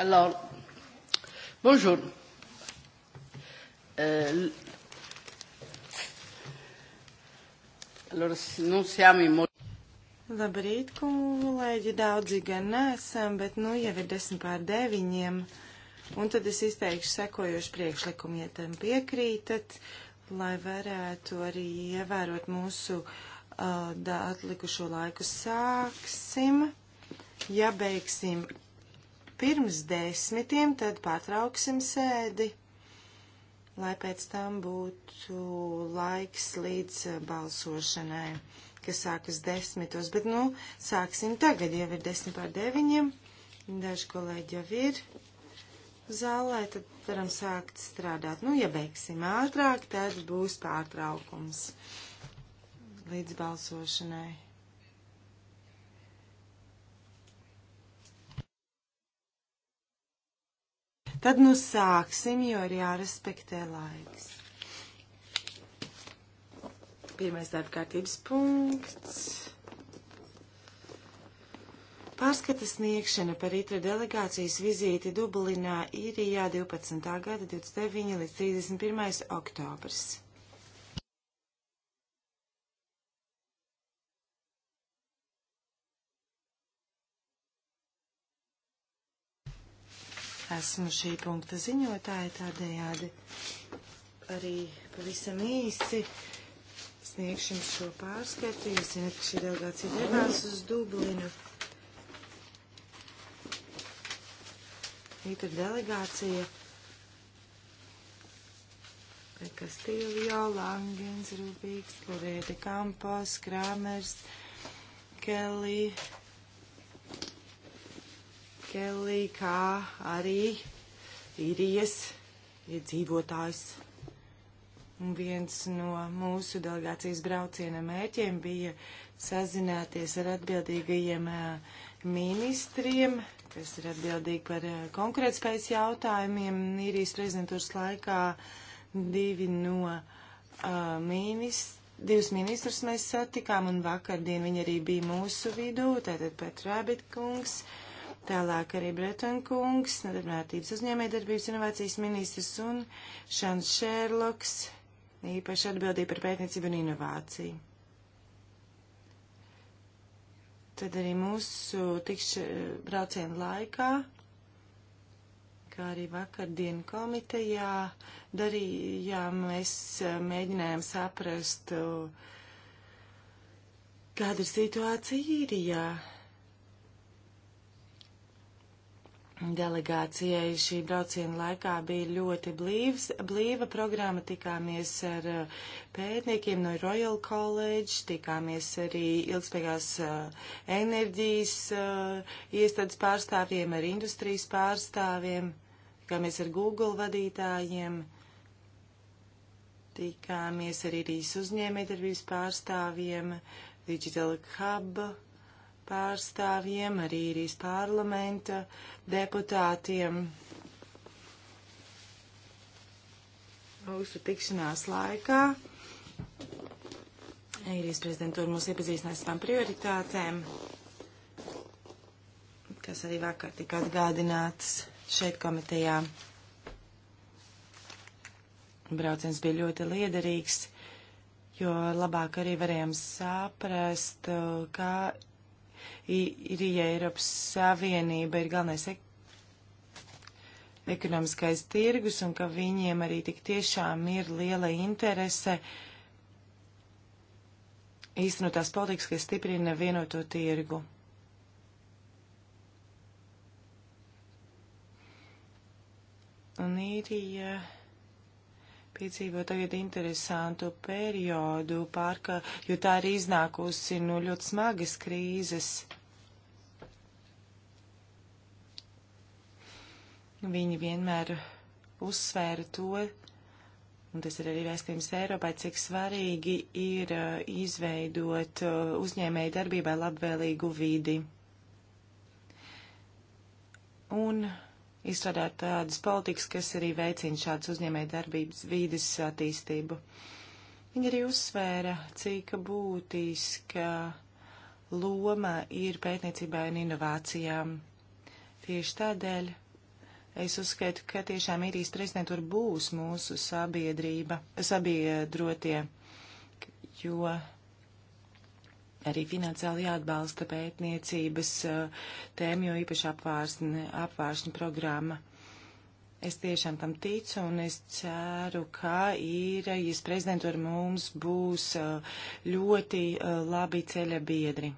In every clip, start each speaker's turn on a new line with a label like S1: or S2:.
S1: Alors, bonjour. Eh, allora, non siamo in molti.
S2: Labrīt, kolēģi, daudzi gan nesam, bet nu jau ir desmit pār deviņiem. Un tad es izteikšu sekojošu priekšlikumu, ja tam piekrītat, lai varētu arī ievērot mūsu uh, atlikušo laiku. Sāksim, ja beigsim pirms desmitiem, tad pārtrauksim sēdi, lai pēc tam būtu laiks līdz eh, balsošanai, kas sākas desmitos. Bet, nu, sāksim tagad, jau ir desmit pār deviņiem, daži kolēģi jau ir zālē, tad varam sākt strādāt. Nu, ja beigsim ātrāk, tad būs pārtraukums līdz balsošanai. Tad nu sāksim, jo ir jārespektē laiks. Pirmais darba kārtības punkts. Pārskata sniegšana par itra delegācijas vizīti Dublinā Īrijā 12. gada 29. līdz 31. oktobrs. Esmu šī punkta ziņotāja tādējādi arī pavisam īsi sniegšu jums šo pārskatu. Jūs zināt, ka šī delegācija devās uz Dublinu. Rīta delegācija. Kastīlio, Langens, Rubīgs, Lorēde Kampos, Krāmers, Kelly. Kelly, kā arī īrijas iedzīvotājs. Un viens no mūsu delegācijas brauciena mērķiem bija sazināties ar atbildīgajiem eh, ministriem, kas ir atbildīgi par eh, konkrētspējas jautājumiem. Īrijas prezidentūras laikā divi no uh, eh, ministriem divus ministrus mēs satikām, un vakardien viņi arī bija mūsu vidū, tātad Pat Rabit kungs Tālāk arī Breton kungs, nodarbinātības uzņēmējdarbības inovācijas ministrs un Šans Šērloks, īpaši atbildīja par pētniecību un inovāciju. Tad arī mūsu tikšu braucienu laikā, kā arī vakardien komitejā, darījām, mēs eh, mēģinājām saprast, eh, kāda ir situācija īrijā. Ja Delegācijai šī brauciena laikā bija ļoti blīvs, blīva programma. Tikāmies ar uh, pētniekiem no Royal College, tikāmies arī ilgspējīgās uh, enerģijas uh, iestādes pārstāvjiem, ar industrijas pārstāvjiem, tikāmies ar Google vadītājiem, tikāmies arī Rīs uzņēmējdarbības pārstāvjiem, Digital Hub pārstāvjiem, arī Irijas parlamenta deputātiem. Mūsu tikšanās laikā Irijas prezidentūra mūs iepazīstināja ar savām prioritātēm, kas arī vakar tika atgādinātas šeit komitejā. Brauciens bija ļoti liederīgs jo labāk arī varējām saprast, kā Irija Eiropas Savienība ir galvenais ek ekonomiskais tirgus un ka viņiem arī tik tiešām ir liela interese īstenotās politikas, kas stiprina vienoto tirgu. Un Irija. Ja piedzīvo tagad interesantu periodu, pārka, jo tā ir iznākusi no ļoti smagas krīzes. Viņi vienmēr uzsvēra to, un tas ir arī vēstījums Eiropai, cik svarīgi ir uh, izveidot uh, uzņēmēju darbībai labvēlīgu vidi. Un izstrādāt tādas politikas, kas arī veicina šādas uzņēmēja darbības vīdes attīstību. Viņa arī uzsvēra, cik būtiska loma ir pētniecībai un inovācijām. Tieši tādēļ es uzskaitu, ka tiešām īrijas prezidentūra būs mūsu sabiedrība, sabiedrotie, jo arī finansiāli jāatbalsta pētniecības eh, tēma, jo īpaši apvārsni, apvārsni programma. Es tiešām tam ticu un es ceru, ka īrijas prezidentūra mums būs eh, ļoti eh, labi ceļa biedri.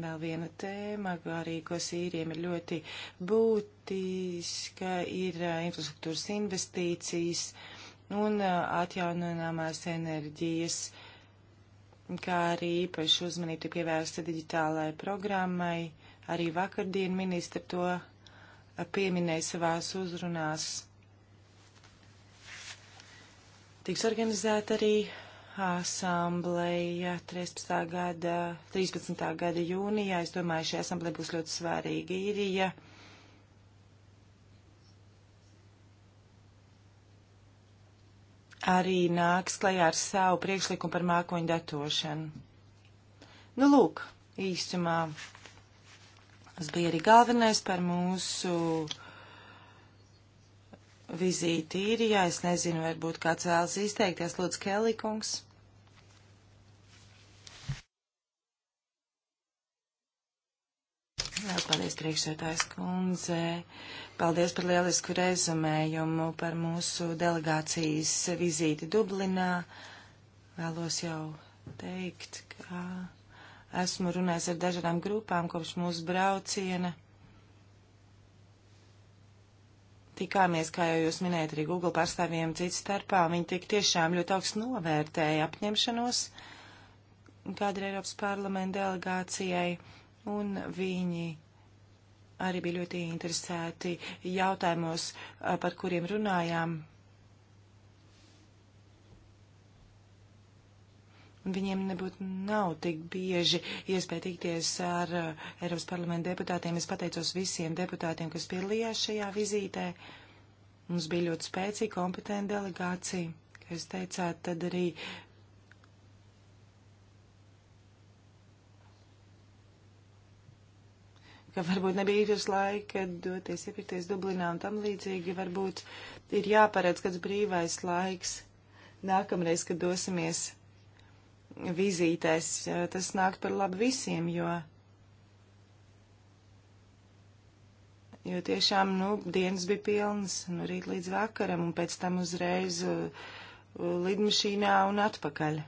S2: Vēl viena tēma, arī, ko sīriem ir ļoti būtiska, ir infrastruktūras investīcijas un atjaunojamās enerģijas uh, kā arī īpaši uzmanību pievērsta digitālajai programmai. Arī vakardien ministra to pieminēja savās uzrunās. Tiks organizēta arī asambleja 13. gada, 13. gada jūnijā. Es domāju, šī asambleja būs ļoti svarīga. Īrija. Ja arī nāks klajā ar savu priekšlikumu par mākoņu datošanu. Nu, lūk, īsumā tas bija arī galvenais par mūsu vizīti īrijā. Es nezinu, varbūt kāds vēlas izteikties. Lūdzu, Kelikungs. Lielas paldies priekšsētājs kundze. Paldies par lielisku rezumējumu par mūsu delegācijas vizīti Dublinā. Vēlos jau teikt, ka esmu runājis ar dažādām grupām kopš mūsu brauciena. Tikāmies, kā jau jūs minējat, arī Google pārstāvjiem citu starpā. Viņi tik tiešām ļoti augstu novērtēja apņemšanos kādreiz Eiropas parlamenta delegācijai un viņi arī bija ļoti interesēti jautājumos, par kuriem runājām. Viņiem nebūtu nav tik bieži iespēja tikties ar Eiropas parlamenta deputātiem. Es pateicos visiem deputātiem, kas piedalījās šajā vizītē. Mums bija ļoti spēcīga, kompetenta delegācija. Kā jūs teicāt, tad arī ka varbūt nebija īpaši laika doties iepirkties Dublinā un tam līdzīgi. Varbūt ir jāparedz kāds brīvais laiks nākamreiz, kad dosimies vizītēs. Tas nāk par labu visiem, jo. Jo tiešām, nu, dienas bija pilnas, nu, rīt līdz vakaram un pēc tam uzreiz uh, lidmašīnā un atpakaļ.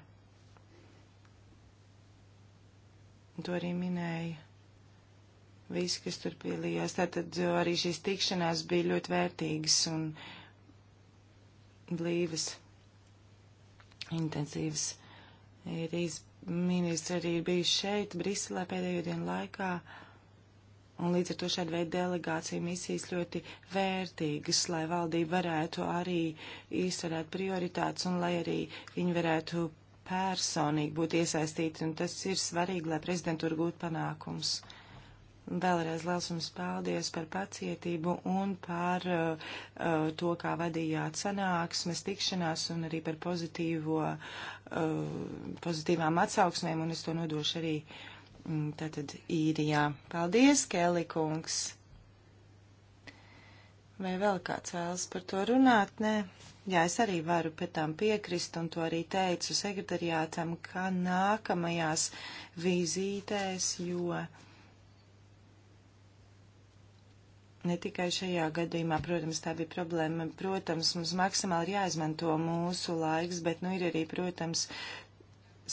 S2: Un to arī minēja visi, kas tur piedalījās. Tātad eh, arī šīs tikšanās bija ļoti vērtīgas un blīvas, intensīvas. Ir ministri arī ir bijuši šeit, Briselē pēdējo dienu laikā, un līdz ar to šāda veida delegācija misijas ļoti vērtīgas, lai valdība varētu arī izsvarēt prioritātes un lai arī viņi varētu personīgi būt iesaistīti, un tas ir svarīgi, lai prezidentūra gūtu panākums. Vēlreiz liels jums paldies par pacietību un par uh, uh, to, kā vadījāt sanāksmes, tikšanās un arī par pozitīvo, uh, pozitīvām atsauksmēm, un es to nodošu arī mm, tātad īrijā. Paldies, Kēli kungs! Vai vēl kāds vēlas par to runāt? Nē. Jā, es arī varu pēc tam piekrist, un to arī teicu sekretariātam, ka nākamajās vizītēs, jo Ne tikai šajā gadījumā, protams, tā bija problēma. Protams, mums maksimāli ir jāizmanto mūsu laiks, bet, nu, ir arī, protams,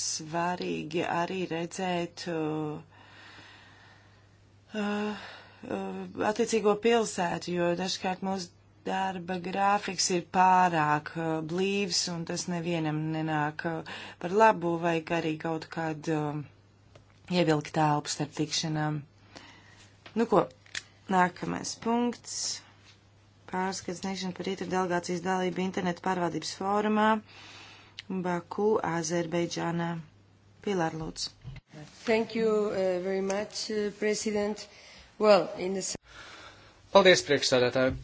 S2: svarīgi arī redzēt uh, uh, attiecīgo pilsētu, jo dažkārt mūsu darba grāfiks ir pārāk uh, blīvs un tas nevienam nenāk uh, par labu, vajag arī kaut kādu uh, ievilkt tālpu starp tikšanām. Nu ko, Nākamais punkts. Pārskats sniegšana par ietver delegācijas dalību internetu pārvaldības fórumā Baku, Azerbeidžānā. Pilar Lūdz. Thank you uh, very much, uh, President.
S3: Well, in the... Paldies, priekšstādātāji.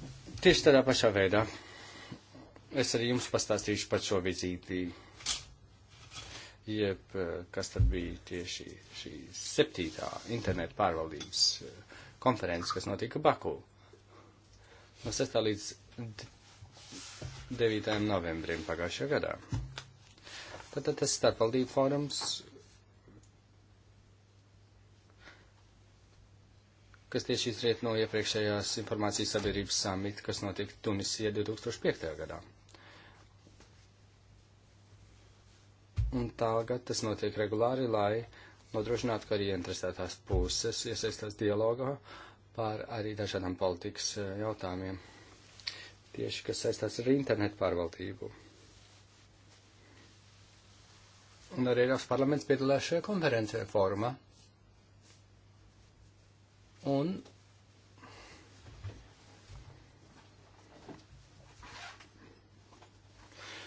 S3: Tieši tādā pašā veidā. Es arī jums pastāstīšu par šo vizīti. Jeb, eh, kas tad bija tieši šī septītā internetu pārvaldības uh, konferences, kas notika Baku. No 6. līdz 9. novembrim pagājušajā gadā. Tātad tas starpvaldību fórums, kas tieši izriet no iepriekšējās informācijas sabiedrības samita, kas notika Tunisijā 2005. gadā. Un tagad tas notiek regulāri, lai nodrošināt, ka arī interesētās puses iesaistās dialogā par arī dažādām politikas eh, jautājumiem, tieši kas saistās ar internetu pārvaldību. Un arī Eiropas parlaments piedalās šajā konferencē fórumā. Un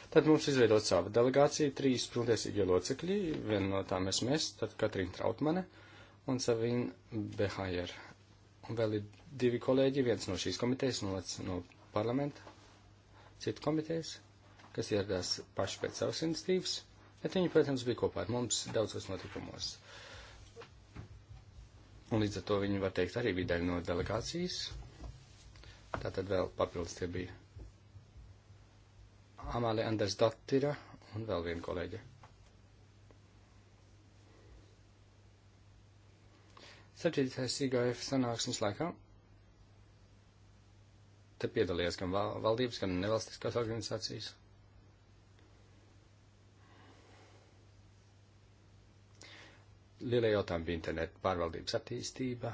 S3: Tad mums izveidot savu delegāciju, trīs pruntiesīgie locekļi, viena no tām esmu es, tad Katrīna Trautmane un Savina Behajer. Un vēl ir divi kolēģi, viens no šīs komitejas, no, no parlamenta, citu komitejas, kas ieradās paši pēc savas institīvas, bet viņi, protams, bija kopā ar mums daudzos notikumos. Un līdz ar to viņi, var teikt, arī bija daļa no delegācijas. Tātad vēl papildus tie bija Amāli Anders Dattira un vēl viena kolēģe. Septītais IGF sanāksmes laikā te piedalījās gan valdības, gan nevalstiskās organizācijas. Lielie jautājumi bija internetu pārvaldības attīstība,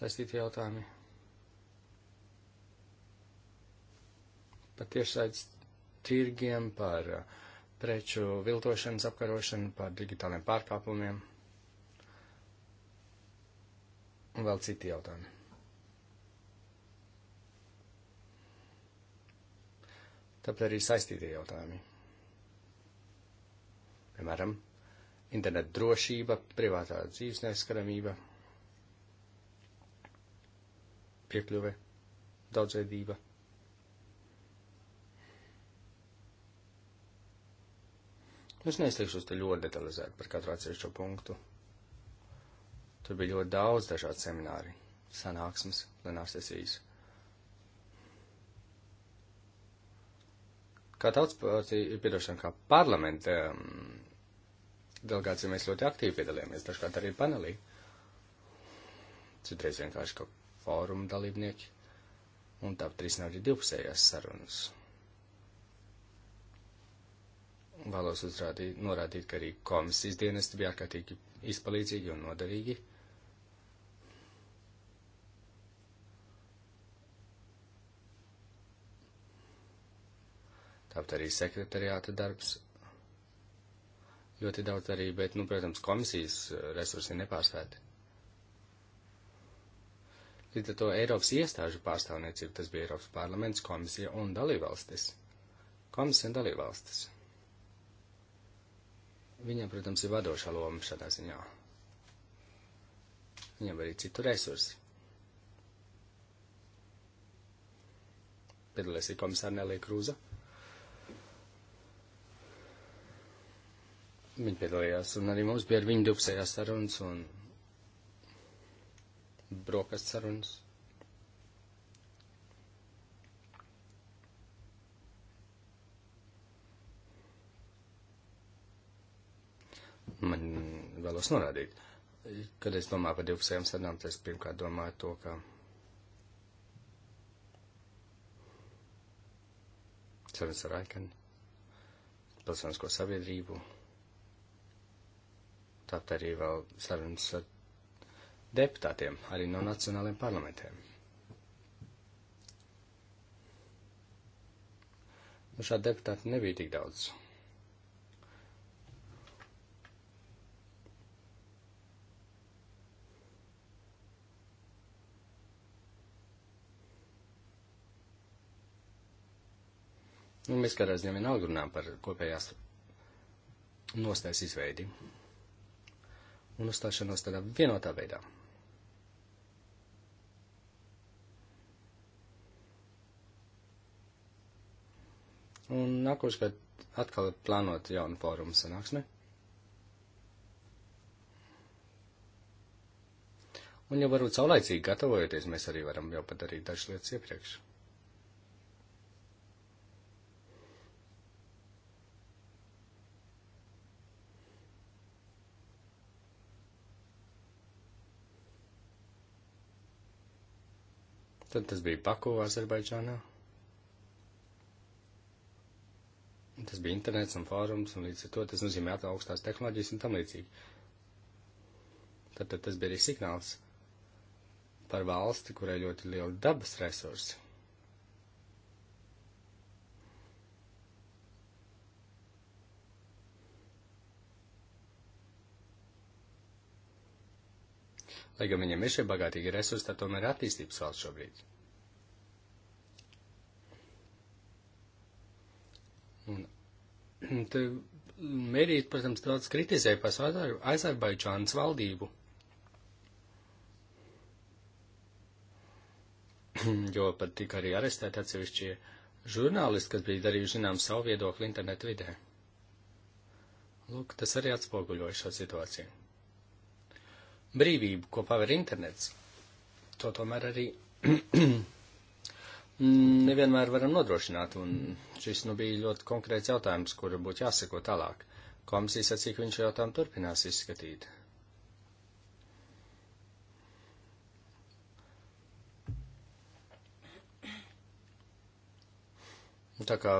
S3: saistīti jautājumi, par tiešsaistes tirgiem, par uh, preču viltošanas apkarošanu, par digitāliem pārkāpumiem un vēl citi jautājumi. Tāpēc arī saistītie jautājumi. Piemēram, internet drošība, privātā dzīves neskaramība, piekļuve, daudzveidība. Nu, es neizteikšos te ļoti detalizēti par katru atsevišķo punktu. Tur bija ļoti daudz dažādu semināru, sanāksmes, plenārsesijas. Kā tautas partija, piedošana, kā parlamenta um, delegācija mēs ļoti aktīvi piedalījāmies, dažkārt arī panelī. Citreiz vienkārši kā fóruma dalībnieki, un tāpat risinājām arī divpusējās sarunas vēlos uzrādīt, norādīt, ka arī komisijas dienesti bija ārkārtīgi izpalīdzīgi un noderīgi. Tāpat arī sekretariāta darbs ļoti daudz arī, bet, nu, protams, komisijas eh, resursi ir nepārstāti. Līdz ar to Eiropas iestāžu pārstāvniecība, tas bija Eiropas parlaments, komisija un dalībvalstis. Komisija un dalībvalstis. Viņam, protams, ir vadošā loma šādā ziņā. Viņam arī citu resursi. Piedalēs ir komisāra Nelija Krūza. Viņa piedalījās, un arī mums bija ar viņu divpusējās sarunas un brokastu sarunas. man vēlos norādīt. Kad es domāju par divpusējām sarunām, tad es pirmkārt domāju to, ka sarunas ar Aikani, pilsonisko sabiedrību, tāpat arī vēl sarunas ar deputātiem, arī no nacionāliem parlamentiem. Nu, šādi deputāti nebija tik daudz. Un nu, mēs kādā ziņā vienalga runājam par kopējās nostājas izveidi un uzstāšanos tādā vienotā veidā. Un nākošgad atkal plānot jaunu fórumu sanāksmi. Un jau varbūt saulaicīgi gatavojoties, mēs arī varam jau padarīt dažas lietas iepriekš. Tad tas bija Baku, Azerbaidžānā. Tas bija internets un fórums, un līdz ar to tas nozīmē augstās tehnoloģijas un tam līdzīgi. Tad, tad tas bija arī signāls par valsti, kurai ļoti liela dabas resursi. lai gan viņiem ir šie bagātīgi resursi, tā tomēr ir attīstības valsts šobrīd. Un te mērīt, protams, daudz kritizēja pas Azerbaidžānas valdību. jo pat tika arī arestēti atsevišķie žurnālisti, kas bija darījuši zinām savu viedokli internetu vidē. Lūk, tas arī atspoguļoja šo situāciju brīvību, ko paver internets, to tomēr arī nevienmēr varam nodrošināt, un šis nu bija ļoti konkrēts jautājums, kuru būtu jāseko tālāk. Komisija sacīja, ka viņš jautājumu turpinās izskatīt. Nu, tā kā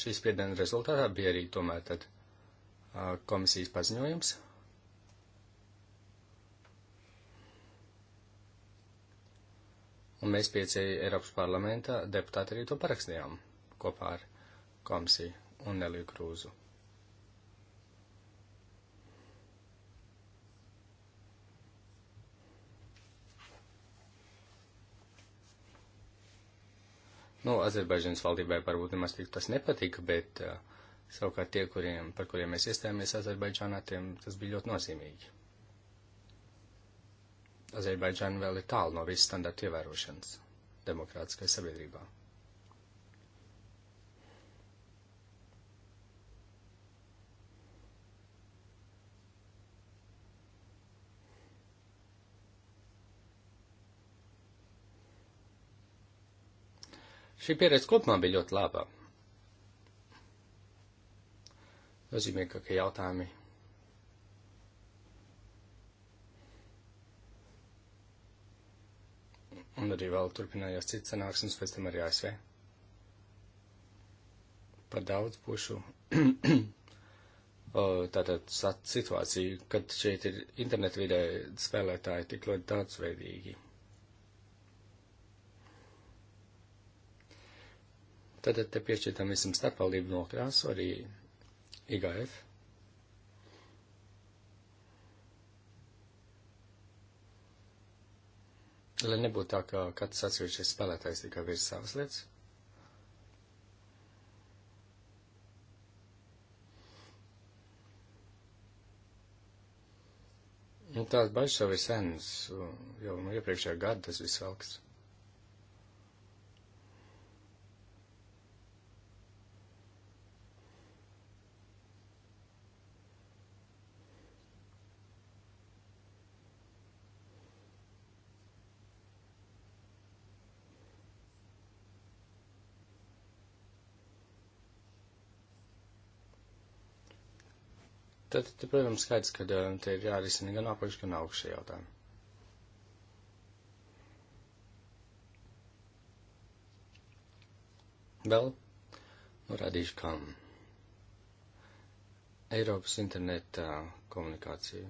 S3: šīs spiediena rezultātā bija arī tomēr tad komisijas paziņojums, Un mēs pieci Eiropas parlamenta deputāti arī to parakstījām kopā ar komisiju un Neliju Krūzu. Nu, Azerbaidžanas valdībai varbūt nemaz tik tas nepatika, bet uh, savukārt tie, kuriem, par kuriem mēs iestājāmies Azerbaidžānā, tiem tas bija ļoti nozīmīgi. Azerbaidžāna vēl ir tālu no visu standartu ievērošanas demokrātiskai sabiedrībā. Šī pieredze kopumā bija ļoti laba. Nozīmē, ka, ka jautājumi Un arī vēl turpinājās cits sanāksmes, pēc tam arī ASV. Par daudz pušu. Tātad situācija, kad šeit ir internetu vidē spēlētāji tik ļoti daudzveidīgi. Tātad te piešķirtam visam starpvaldību nokrāsu arī IGF. Lai nebūtu tā, ka katrs atsevišķais spēlētājs tikai virs savas lietas. Nu, tās bažas jau ir senas, jau no iepriekšējā gada tas viss velks. Tad, tad protams, skaidrs, ka eh, te ir jārisina gan apakš, gan augšējā jautājuma. Vēl norādīšu, kam Eiropas interneta komunikācija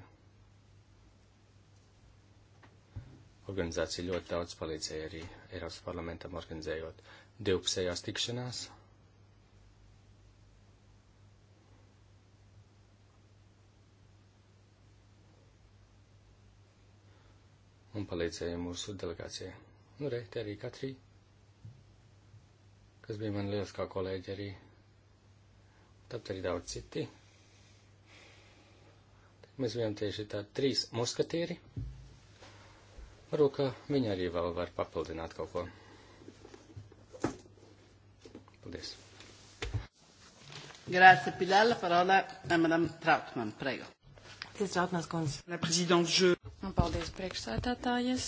S3: organizācija ļoti daudz palīdzēja arī Eiropas parlamentam organizējot divpusējās tikšanās un palīdzēja mūsu delegācijai. Nu, re, te arī Katrī, kas bija man lieliskā kolēģi arī. Tāpat arī daudz citi. Mēs bijām tieši tā trīs muskatīri. Varbūt, ka viņi arī vēl var papildināt kaut ko. Paldies.
S1: Grazie Pilar, la parola a Madame Trautmann, prego.
S2: Paldies, Trautmanns kundze. La prezidents, je... Nu,
S4: paldies priekšsēdētājies.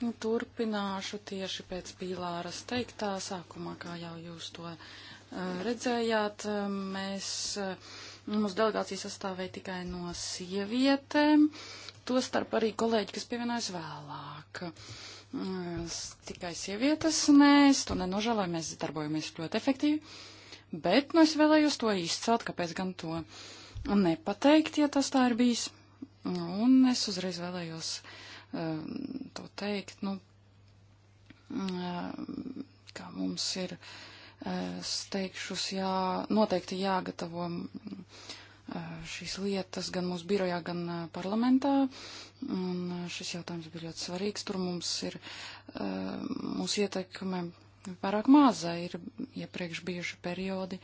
S4: Nu, turpināšu tieši pēc pīlāras teiktā sākumā, kā jau jūs to eh, redzējāt. Eh, mēs, eh, mūsu delegācija sastāvēja tikai no sievietēm, to starp arī kolēģi, kas pievienojas vēlāk. Mm, tikai sievietes, nē, es to nenožēloju, mēs darbojamies ļoti efektīvi, bet, nu, es vēlējos to izcelt, kāpēc gan to nepateikt, ja tas tā ir bijis. Nu, un es uzreiz vēlējos um, to teikt, nu, um, kā mums ir, es uh, teikšus, jā, noteikti jāgatavo mm, uh, šīs lietas gan mūsu birojā, gan uh, parlamentā. Un šis jautājums bija ļoti svarīgs. Tur mums ir, mūsu ietekme pārāk maza ir iepriekš bijuši periodi,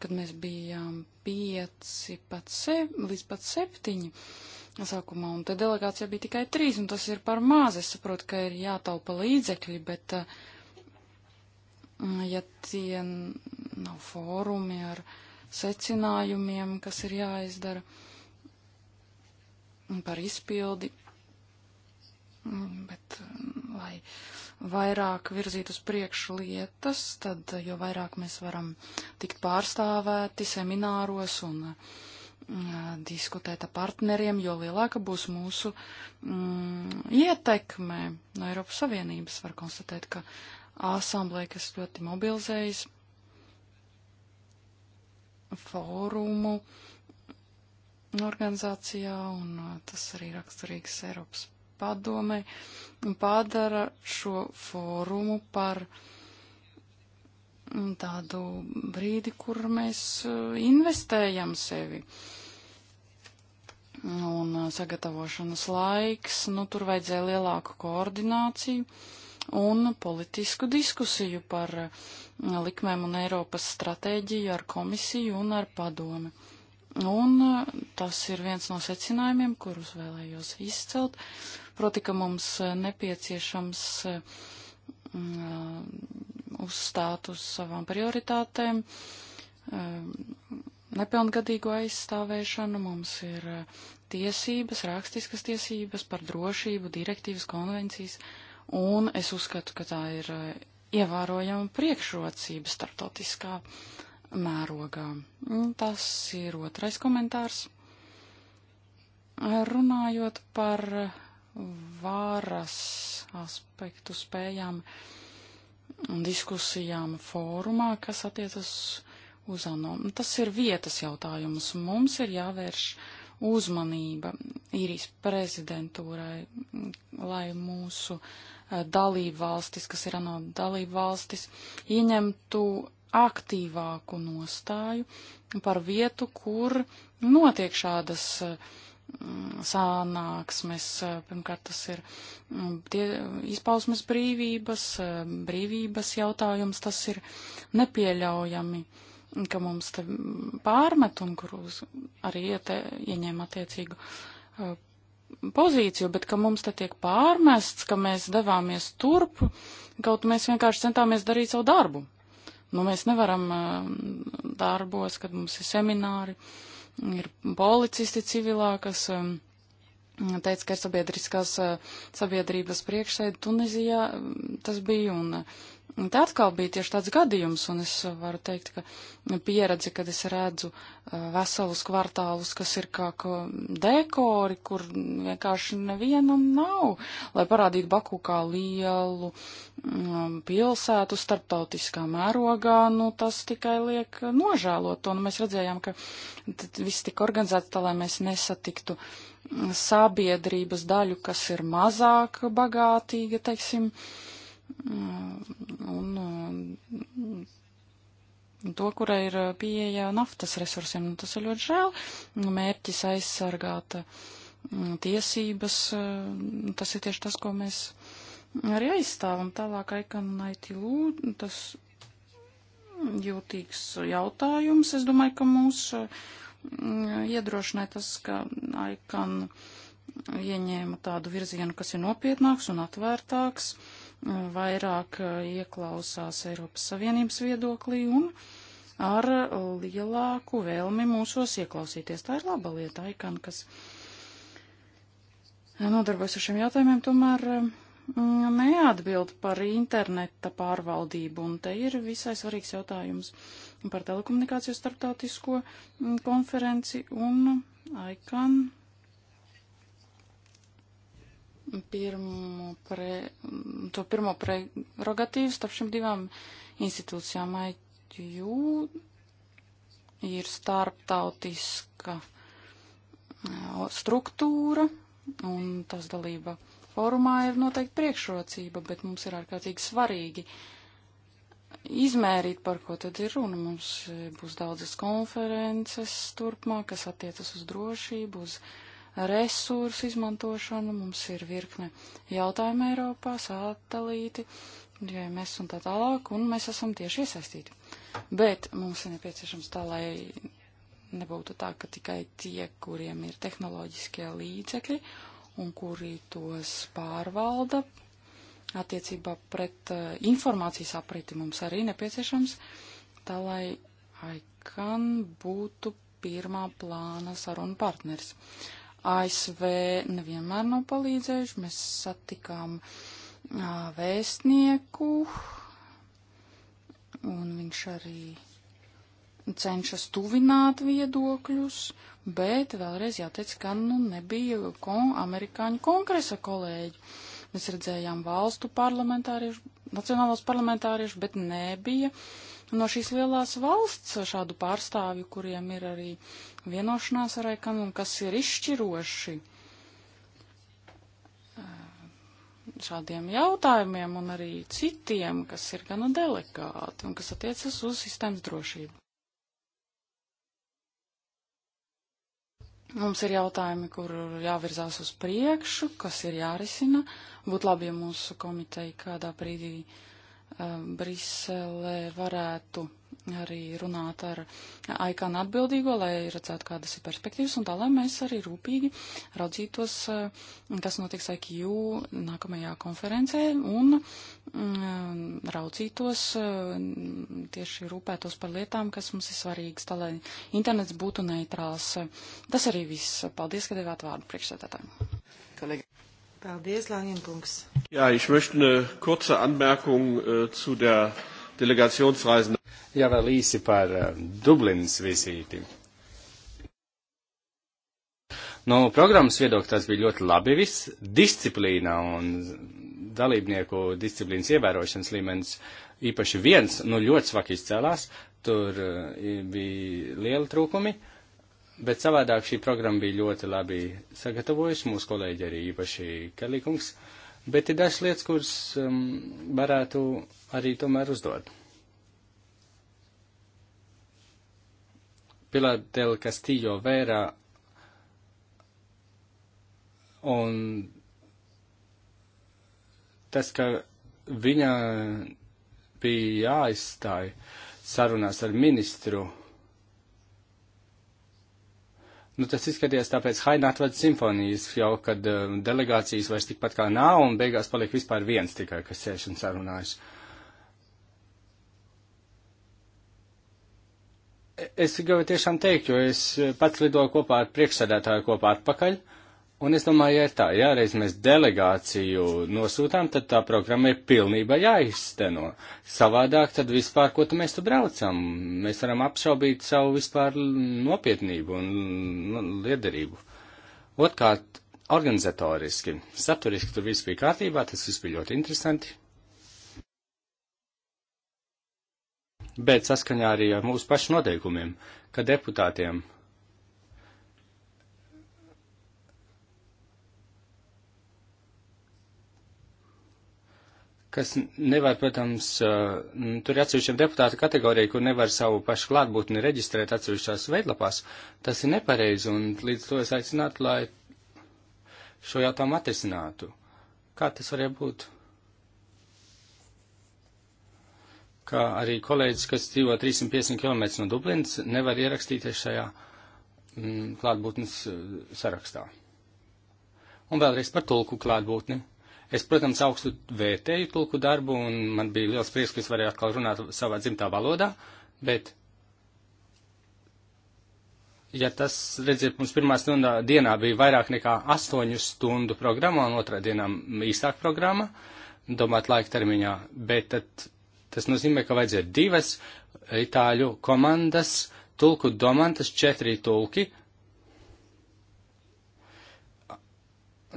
S4: kad mēs bijām pieci pat se, līdz pat septiņi. Uh, sākumā, un te delegācija bija tikai trīs, un tas ir par maz. Es saprotu, ka ir jātaupa līdzekļi, bet eh, ja tie nav fórumi ar secinājumiem, kas ir jāizdara par izpildi, bet eh, lai vairāk virzīt uz priekšu lietas, tad eh, jo vairāk mēs varam tikt pārstāvēti semināros un uh, diskutēt ar partneriem, jo lielāka būs mūsu mm, ietekme no Eiropas Savienības. Var konstatēt, ka asamblēja, kas ļoti mobilizējas fórumu organizācijā, un uh, tas arī raksturīgs Eiropas padomē, padara šo fórumu par uh, tādu brīdi, kur mēs eh, investējam sevi. Un eh, sagatavošanas laiks, nu tur vajadzēja lielāku koordināciju un politisku diskusiju par eh, likmēm un Eiropas stratēģiju ar komisiju un ar padomi. Un tas ir viens no secinājumiem, kurus vēlējos izcelt, proti, ka mums nepieciešams uh, Mm, uh, uzstāt uz savām prioritātēm, uh, nepilngadīgo aizstāvēšanu, mums ir uh, tiesības, rakstiskas tiesības par drošību, direktīvas konvencijas, un es uzskatu, ka tā ir ievērojama priekšrocība starptautiskā mērogā. Tas ir otrais komentārs. Runājot par varas aspektu spējām un diskusijām fórumā, kas attiecas uz ANO. Tas ir vietas jautājums. Mums ir jāvērš uzmanība īrijas prezidentūrai, lai mūsu eh, dalību valstis, kas ir ANO dalību valstis, ieņemtu aktīvāku nostāju par vietu, kur notiek šādas uh, sānāksmes. Pirmkārt, tas ir mm, tie, izpausmes brīvības, mm, brīvības jautājums. Tas ir nepieļaujami, ka mums te mm, pārmetumi, kurus arī iete, ieņēma attiecīgu pozīciju, bet ka mums te tiek pārmests, ka mēs devāmies turp, kaut mēs vienkārši centāmies darīt savu darbu. Nu, mēs nevaram darbos, kad mums ir semināri, uh, ir policisti civilā, kas um, teica, ka ir sabiedriskās uh, sabiedrības priekšsēdi Tunizijā, um, tas bija, un uh, Tā atkal bija tieši tāds gadījums, un es varu teikt, ka pieredze, kad es redzu uh, veselus kvartālus, kas ir kā dekori, kur vienkārši nevienam nav, lai parādītu Baku kā lielu mm, pilsētu starptautiskā mērogā, nu tas tikai liek nožēlot to, nu mēs redzējām, ka viss tika organizēts tā, lai mēs nesatiktu mm, sabiedrības daļu, kas ir mazāk bagātīga, teiksim, uh, Mm, un, un, mm, un to, kurai ir pieeja naftas resursiem. Nu, tas ir ļoti žēl. Mērķis aizsargāt mm, tiesības, tas ir tieši tas, ko mēs arī aizstāvam tālāk Aikanaiti Lū, tas jūtīgs jautājums. Es domāju, ka mūs iedrošināja tas, ka Aikan ieņēma tādu virzienu, kas ir nopietnāks un atvērtāks. Uh, vairāk eh, ieklausās Eiropas Savienības viedoklī un ar lielāku vēlmi mūsos ieklausīties. Tā ir laba lieta, Aikan, kas nodarbojas ar šiem jautājumiem, tomēr mm, neatbild par interneta pārvaldību, un te ir visai svarīgs jautājums par telekomunikāciju starptautisko mm, konferenci un Aikan pirmo pre, to pirmo prerogatīvu starp šīm divām institūcijām. ITU ir starptautiska struktūra, un tas dalība formā ir noteikti priekšrocība, bet mums ir ārkārtīgi svarīgi izmērīt, par ko tad ir runa. Mums būs daudzas konferences turpmāk, kas attiecas uz drošību, uz resursu izmantošanu, mums ir virkne jautājumu Eiropā, satelīti, GMS un tā tālāk, un mēs esam tieši iesaistīti. Bet mums ir nepieciešams tā, lai nebūtu tā, ka tikai tie, kuriem ir tehnoloģiskie līdzekļi un kuri tos pārvalda, attiecībā pret uh, informācijas apriti mums arī nepieciešams, tā lai ICAN būtu pirmā plāna saruna partners. ASV nevienmēr nav palīdzējuši. Mēs satikām vēstnieku, un viņš arī cenšas tuvināt viedokļus, bet vēlreiz jāteic, ka nu nebija kon amerikāņu kongresa kolēģi. Mēs redzējām valstu parlamentāriešu, nacionālos parlamentāriešus, bet nebija uh, no šīs lielās valsts šādu pārstāvju, kuriem ir arī vienošanās ar EKM un kas ir izšķiroši eh, šādiem jautājumiem un arī citiem, kas ir gana delikāti un kas attiecas uz sistēmas drošību. Mums ir jautājumi, kur jāvirzās uz priekšu, kas ir jārisina. Būtu labi, ja mūsu komiteja kādā brīdī uh, Um, Briselē varētu arī runāt ar aikānu atbildīgo, lai redzētu, kādas ir perspektīvas, un tā, lai mēs arī rūpīgi raudzītos, uh, kas notiks IQ nākamajā konferencē, un mm, raudzītos, uh, tieši rūpētos par lietām, kas mums ir svarīgas, tā, lai internets būtu neitrāls. Tas arī viss. Paldies, ka devāt vārdu priekšsēdētājiem. Kolēģi.
S2: Paldies, Langenkungs.
S3: Jā, ich möchte eine kurze Anmerkung uh, zu der Delegationsreise. Jā, vēl īsi par uh, Dublinas vizīti. No programmas viedokļa tas bija ļoti labi viss. Disciplīna un dalībnieku disciplīnas ievērošanas līmenis īpaši viens, nu ļoti svaki izcēlās, tur uh, bija liela trūkumi. Uh, Bet savādāk šī programma bija ļoti labi sagatavojusi, mūsu kolēģi arī īpaši Kalīkungs, bet ir dažas lietas, kuras um, varētu arī tomēr uzdot. Pilar del Castillo Vera un tas, ka viņa bija jāizstāja sarunās ar ministru Nu, tas izskatījās tāpēc Hainatvads simfonijas jau, kad uh, delegācijas vairs tikpat kā nav un beigās paliek vispār viens tikai, kas sēž un sarunājas. E, es gribu tiešām teikt, jo es e, pats lidoju kopā ar priekšsēdētāju kopā atpakaļ. Uh, Un es domāju, ja ir tā, ja reiz mēs delegāciju nosūtām, tad tā programma ir pilnībā jāizteno. Savādāk tad vispār, ko tu mēs tu braucam, mēs varam apšaubīt savu vispār nopietnību un nu, liederību. Otkārt, organizatoriski, saturiski tur viss bija kārtībā, tas viss bija ļoti interesanti. Bet saskaņā arī ar mūsu pašu noteikumiem, ka deputātiem kas nevar, protams, uh, tur ir atsevišķa deputāta kategorija, kur nevar savu pašu klātbūtni reģistrēt atsevišķās veidlapās. Tas ir nepareizi, un līdz to es aicinātu, lai šo jautājumu atrisinātu. Kā tas varēja būt? Kā arī kolēģis, kas dzīvo 350 km no Dublinas, nevar ierakstīties šajā mm, klātbūtnes uh, sarakstā. Un vēlreiz par tulku klātbūtni. Es, protams, augstu vērtēju tulku darbu, un man bija liels prieks, ka es varēju atkal runāt savā dzimtā valodā, bet, ja tas, redziet, mums pirmā stundā dienā bija vairāk nekā astoņu stundu programma, un otrā dienā īsāk programma, domāt laika termiņā, bet tad tas nozīmē, ka vajadzēja divas itāļu komandas, tulku domantas, četri tulki,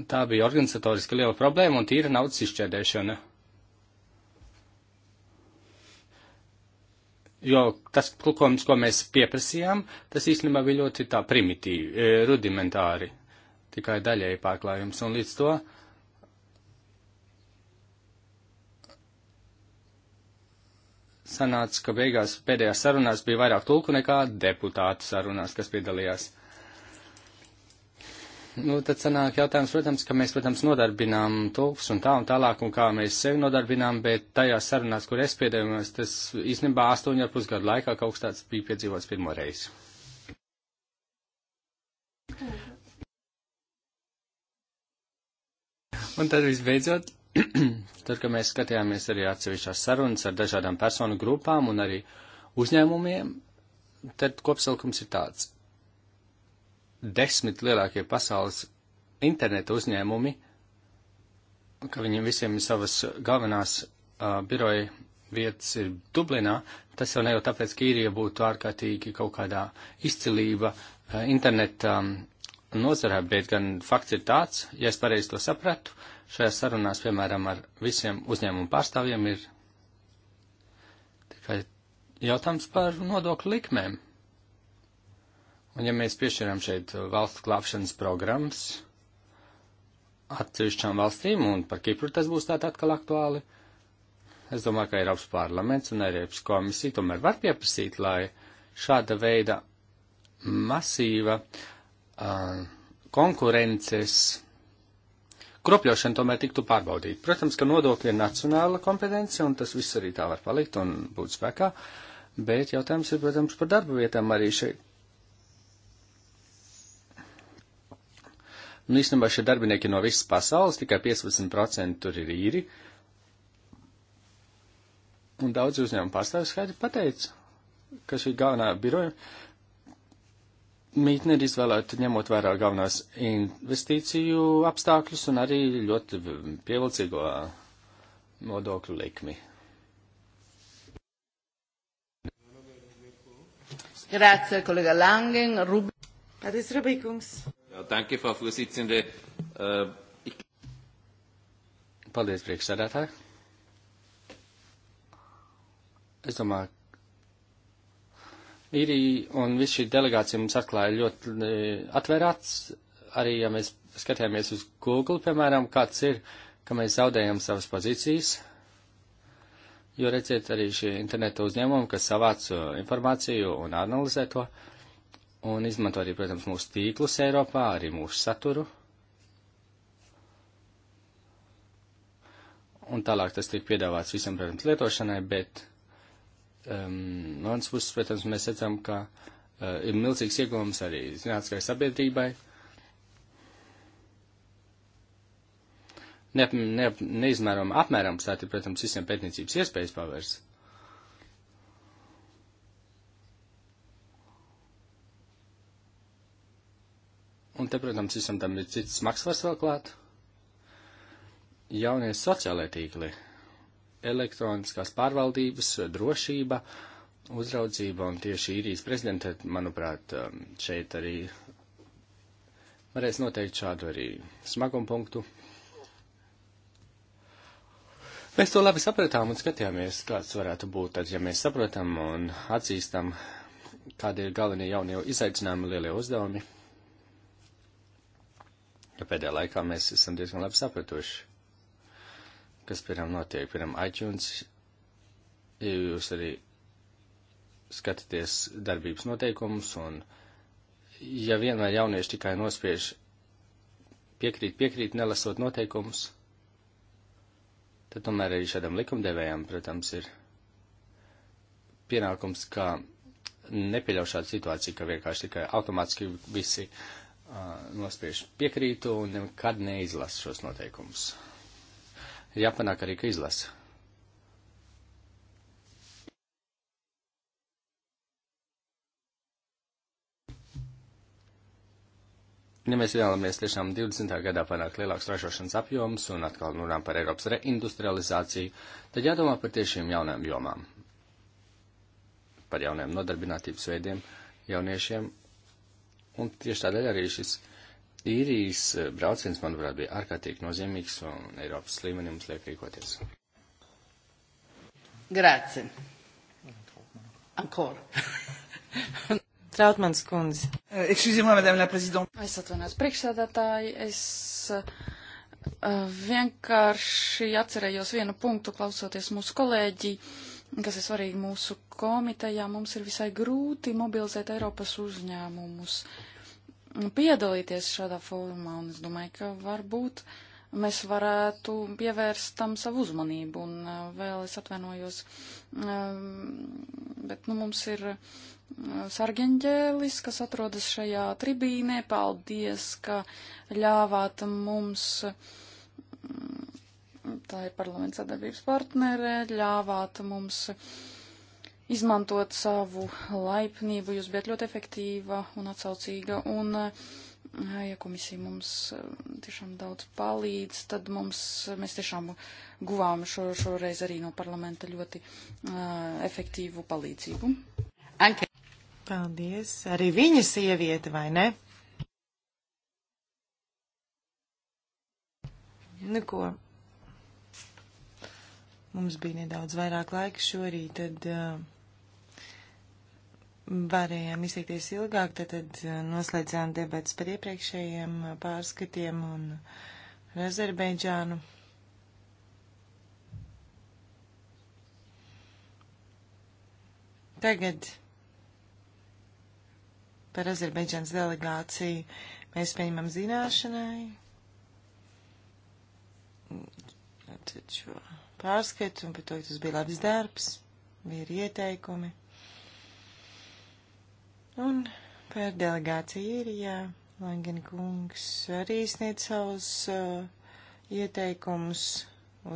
S3: tā bija organizatoriski liela problēma un tīra naudas izšķērdēšana. Jo tas tulkojums, ko mēs pieprasījām, tas īstenībā bija ļoti tā primitīvi, e, rudimentāri, tikai daļēji pārklājums. Un līdz to sanāca, ka beigās pēdējās sarunās bija vairāk tulku nekā deputātu sarunās, kas piedalījās. Uh, nu, tad sanāk jautājums, protams, ka mēs, protams, nodarbinām tulks un tā un tālāk, un kā mēs sevi nodarbinām, bet tajās sarunās, kur es piedalījos, tas īstenībā astoņu ar pusgadu laikā kaut kas tāds bija piedzīvots pirmo reizi. Un tad visbeidzot, tad, kad mēs skatījāmies arī atsevišķās sarunas ar dažādām personu grupām un arī uzņēmumiem, tad kopsaukums ir tāds desmit lielākie pasaules interneta uzņēmumi, ka viņiem visiem savas galvenās uh, biroja vietas ir Dublinā, tas jau ne jau tāpēc, ka īrija būtu ārkārtīgi kaut kādā izcilība uh, interneta um, nozarē, bet gan fakts ir tāds, ja es pareizi to sapratu, šajās sarunās, piemēram, ar visiem uzņēmumu pārstāvjiem ir tikai jautājums par nodokļu likmēm. Un ja mēs piešķiram šeit valstu klāpšanas programmas atsevišķām valstīm, un par Kipru tas būs tātad atkal aktuāli, es domāju, ka Eiropas parlaments un Eiropas komisija tomēr var pieprasīt, lai šāda veida masīva uh, konkurences kropļošana tomēr tiktu pārbaudīta. Protams, ka nodokļi ir nacionāla kompetence, un tas viss arī tā var palikt un būt spēkā, bet jautājums ir, protams, par darba vietām arī šeit Nu, īstenībā šie darbinieki no visas pasaules, tikai 15% tur ir īri. Un daudz uzņēmumu pārstāvis skaidri pateica, ka šī galvenā biroja mītne ir izvēlēta ņemot vērā galvenās investīciju apstākļus un arī ļoti pievilcīgo nodokļu likmi.
S1: Grazie, kolega Langen. Rub...
S2: Paldies, Rubīkungs.
S3: Ja, danke, Frau Vorsitzende. Uh, äh, ik... Paldies, priekšsēdētāji. Es domāju, īrija un viss šī delegācija mums atklāja ļoti e, atvērāts, arī ja mēs skatījāmies uz Google, piemēram, kāds ir, ka mēs zaudējam savas pozīcijas, jo redziet arī šie internetu uzņēmumi, kas savāc informāciju un analizē to. Uh, un izmanto arī, protams, mūsu tīklus Eiropā, arī mūsu saturu. Un tālāk tas tiek piedāvāts visam, protams, lietošanai, bet um, no otras puses, protams, mēs redzam, ka uh, ir milzīgs ieguvums arī zinātniskai sabiedrībai. Ne, ne, neizmērām apmēram, tātad, protams, visiem pētniecības iespējas pavērs. Un te, protams, visam tam ir cits maksvars vēl klāt. Jaunie sociālai tīkli, elektroniskās pārvaldības, drošība, uzraudzība un tieši īrijas prezidenta, manuprāt, um, šeit arī varēs noteikt šādu arī smagumu punktu. Mēs to labi sapratām un skatījāmies, kāds varētu būt, tad, ja mēs saprotam un atzīstam, kādi ir galvenie jaunie izaicinājumi, lielie uzdevumi jo pēdējā laikā mēs esam diezgan labi sapratuši, kas piram notiek. Piram iTunes, ja jūs arī skatāties darbības noteikumus un ja vienmēr jaunieši tikai nospiež piekrīt, piekrīt, nelasot noteikumus, tad tomēr arī šādam likumdevējam, protams, ir pienākums, kā nepieļaušāda situācija, ka vienkārši tikai automātiski visi nospiež piekrītu un nekad neizlasu šos noteikumus. Ir jāpanāk arī, ka izlasa. Ja mēs vēlamies tiešām 20. gadā panākt lielāks ražošanas apjoms un atkal runām par Eiropas reindustrializāciju, tad jādomā par tiešām jaunām jomām, par jauniem nodarbinātības veidiem, jauniešiem Un tieši tādēļ arī šis īrijas eh, brauciens, manuprāt, bija ārkārtīgi nozīmīgs un Eiropas līmenī mums liek rīkoties.
S2: Grāci. Ankor. Trautmans kundze. Eh, excusez-moi, madame la présidente.
S4: Es atvainojos priekšsēdētāji. Es eh, vienkārši atcerējos vienu punktu, klausoties mūsu kolēģi. Uh, kas ir svarīgi mūsu komitejā, mums ir visai grūti mobilizēt Eiropas uzņēmumus, piedalīties šādā formā, un es domāju, ka varbūt mēs varētu pievērst tam savu uzmanību, un uh, vēl es atvainojos, um, bet, nu, mums ir uh, sargeņģēlis, kas atrodas šajā tribīnē, paldies, ka ļāvāt mums tā ir parlamenta sadarbības partnere, ļāvāt mums izmantot savu laipnību. Jūs bijat ļoti efektīva un atsaucīga, un, eh, ja komisija mums eh, tiešām daudz palīdz, tad mums, mēs tiešām guvām šo, šoreiz arī no parlamenta ļoti uh,
S2: efektīvu palīdzību. Anke. Paldies. Arī viņa sieviete, vai ne? Nu, ko, mums bija nedaudz vairāk laika šorīt, tad uh, varējām izteikties ilgāk, tad, tad uh, noslēdzām debats par iepriekšējiem uh, pārskatiem un ar Azerbeidžānu. Tagad par Azerbaidžānas delegāciju mēs pieņemam zināšanai. Tad šo pārskats un par to, ka tas bija labs darbs, bija arī ieteikumi. Un par delegāciju īrijā Langina kungs arī sniedz savus uh, ieteikumus,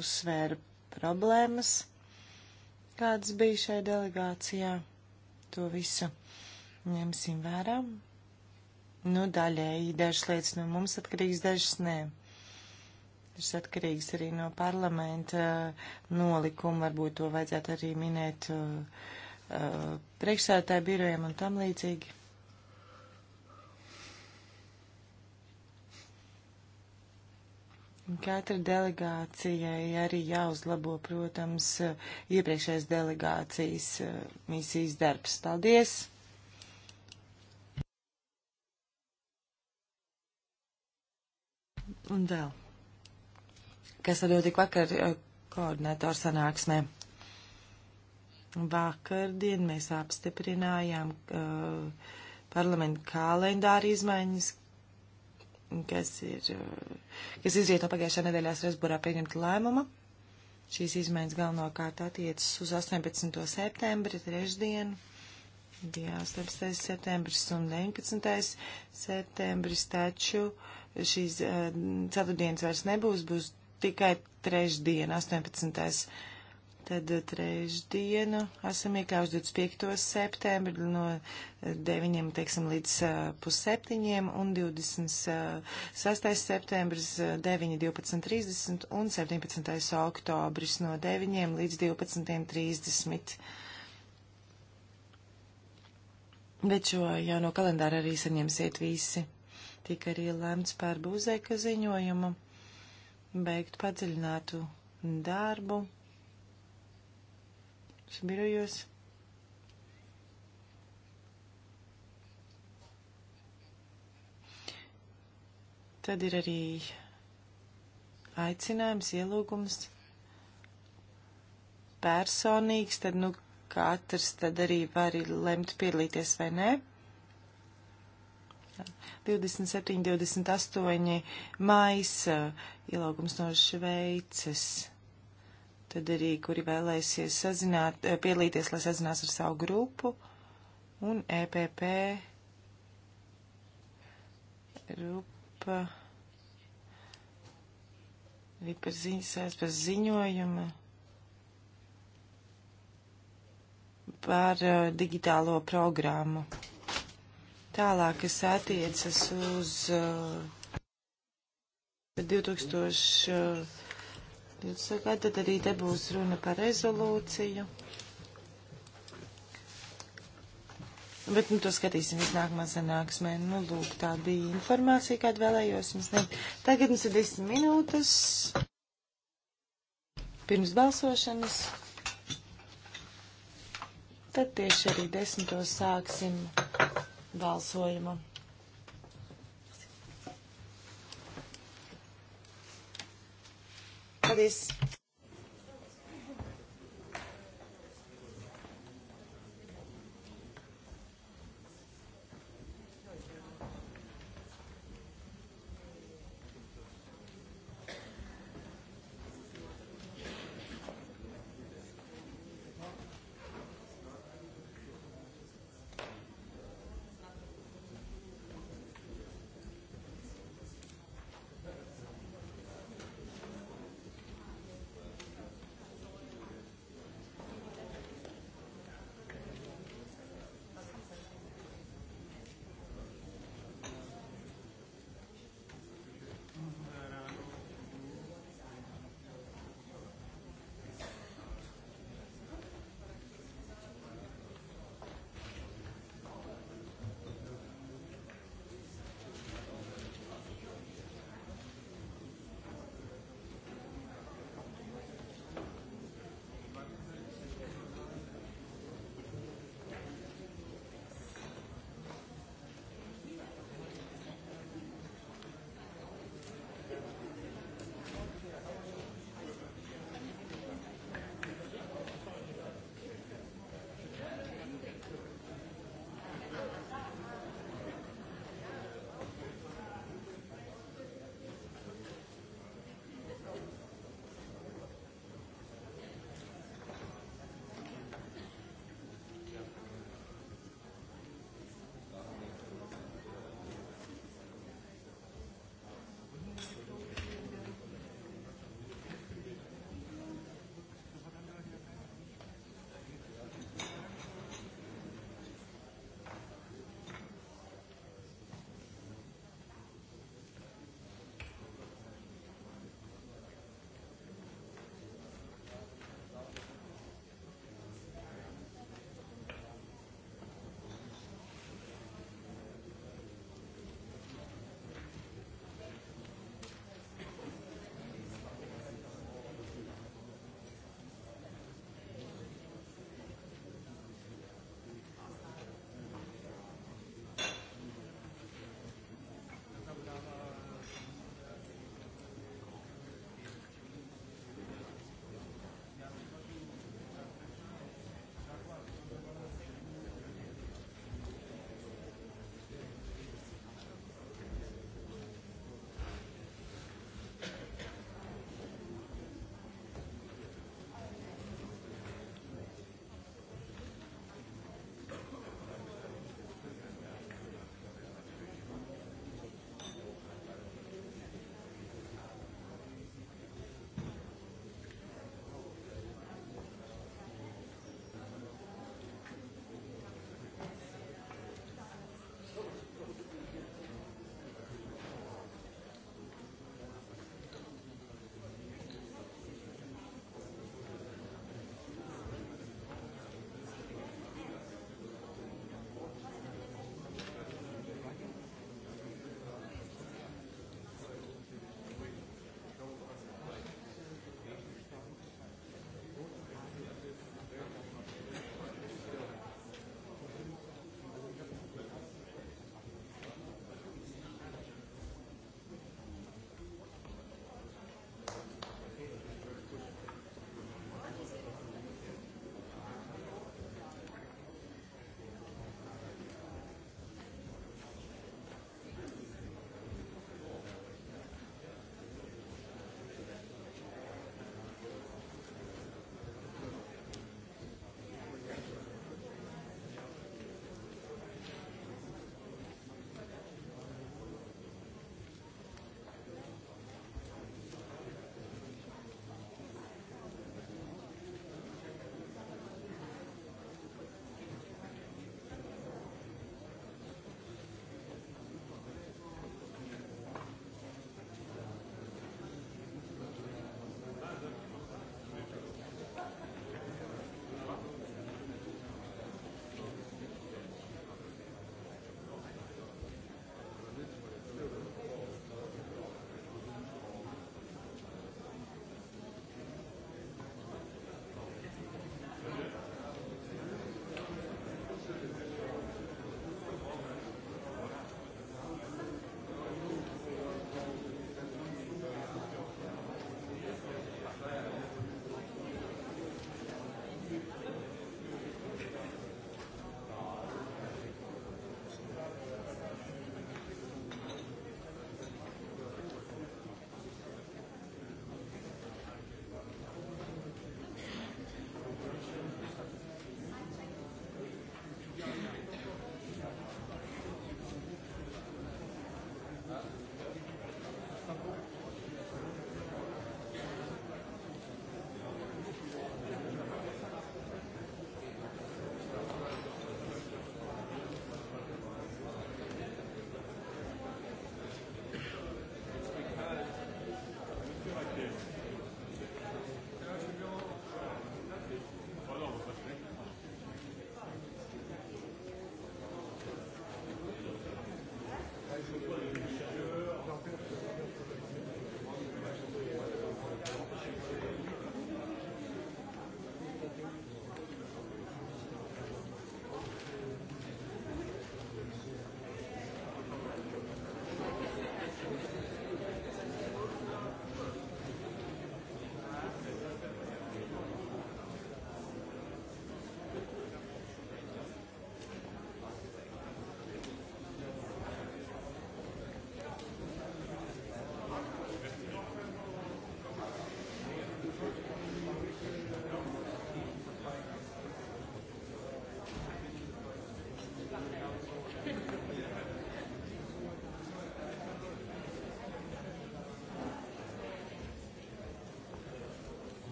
S2: uzsvēra problēmas, kādas bija šai delegācijā. To visu ņemsim vērā. Nu, daļēji dažas lietas no mums atkarīgs, dažas nē. Tas atkarīgs arī no parlamenta nolikuma, varbūt to vajadzētu arī minēt uh, uh priekšsētāju birojiem un tam līdzīgi. Katra delegācijai arī jāuzlabo, protams, uh, iepriekšējais delegācijas uh, misijas darbs. Paldies! Un vēl kas notika vakar eh, koordinatoru sanāksmē. Vakardien mēs apstiprinājām uh, parlamentu kalendāru izmaiņas, kas, ir, uh, kas izriet no pagājušā nedēļā Strasbūrā pieņemta lēmuma. Šīs izmaiņas galvenokārt attiecas uz 18. septembri, trešdienu. Jā, 18. septembris un 19. septembris, taču šīs uh, ceturtdienas vairs nebūs, būs tikai trešdien, 18. Tad eh, trešdienu esam iekļauts 25. septembri no 9. Eh, teiksim, līdz eh, pusseptiņiem un 26. septembris 9. 12.30 un 17. oktobris no 9. līdz 12.30. Bet šo jauno kalendāru arī saņemsiet visi. Tika arī lēmts par būzēka ziņojumu beigt padziļinātu darbu birojos. Tad ir arī aicinājums, ielūgums personīgs, tad nu katrs tad arī var lemt piedalīties vai nē. 27, 28 maisa ielaugums no Šveices. Tad arī, kuri vēlēsies sazināt, eh, piedalīties, lai sazinās ar savu grupu un EPP grupa arī par, ziņas, par ziņojumu par eh, digitālo programmu. Tālāk, kas attiecas uz uh, 2000. Uh, gada, tad arī te būs runa par rezolūciju. Bet, nu, to skatīsimies nākamā sanāksmē. Nu, lūk, tā bija informācija, kādu vēlējos jums sniegt. Tagad mums ir desmit minūtes pirms balsošanas. Tad tieši arī desmitos sāksim balsojuma. Paldies!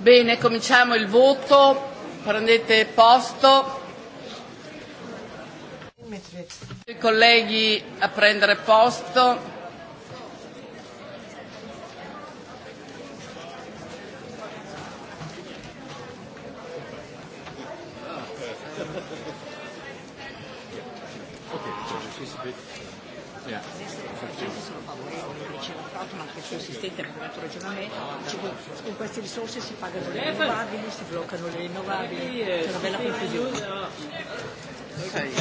S1: Bene, cominciamo il voto. Prendete posto. I colleghi a prendere posto.
S5: bloccano le rinnovabili, c'è una eh, bella confusione.
S1: Sei.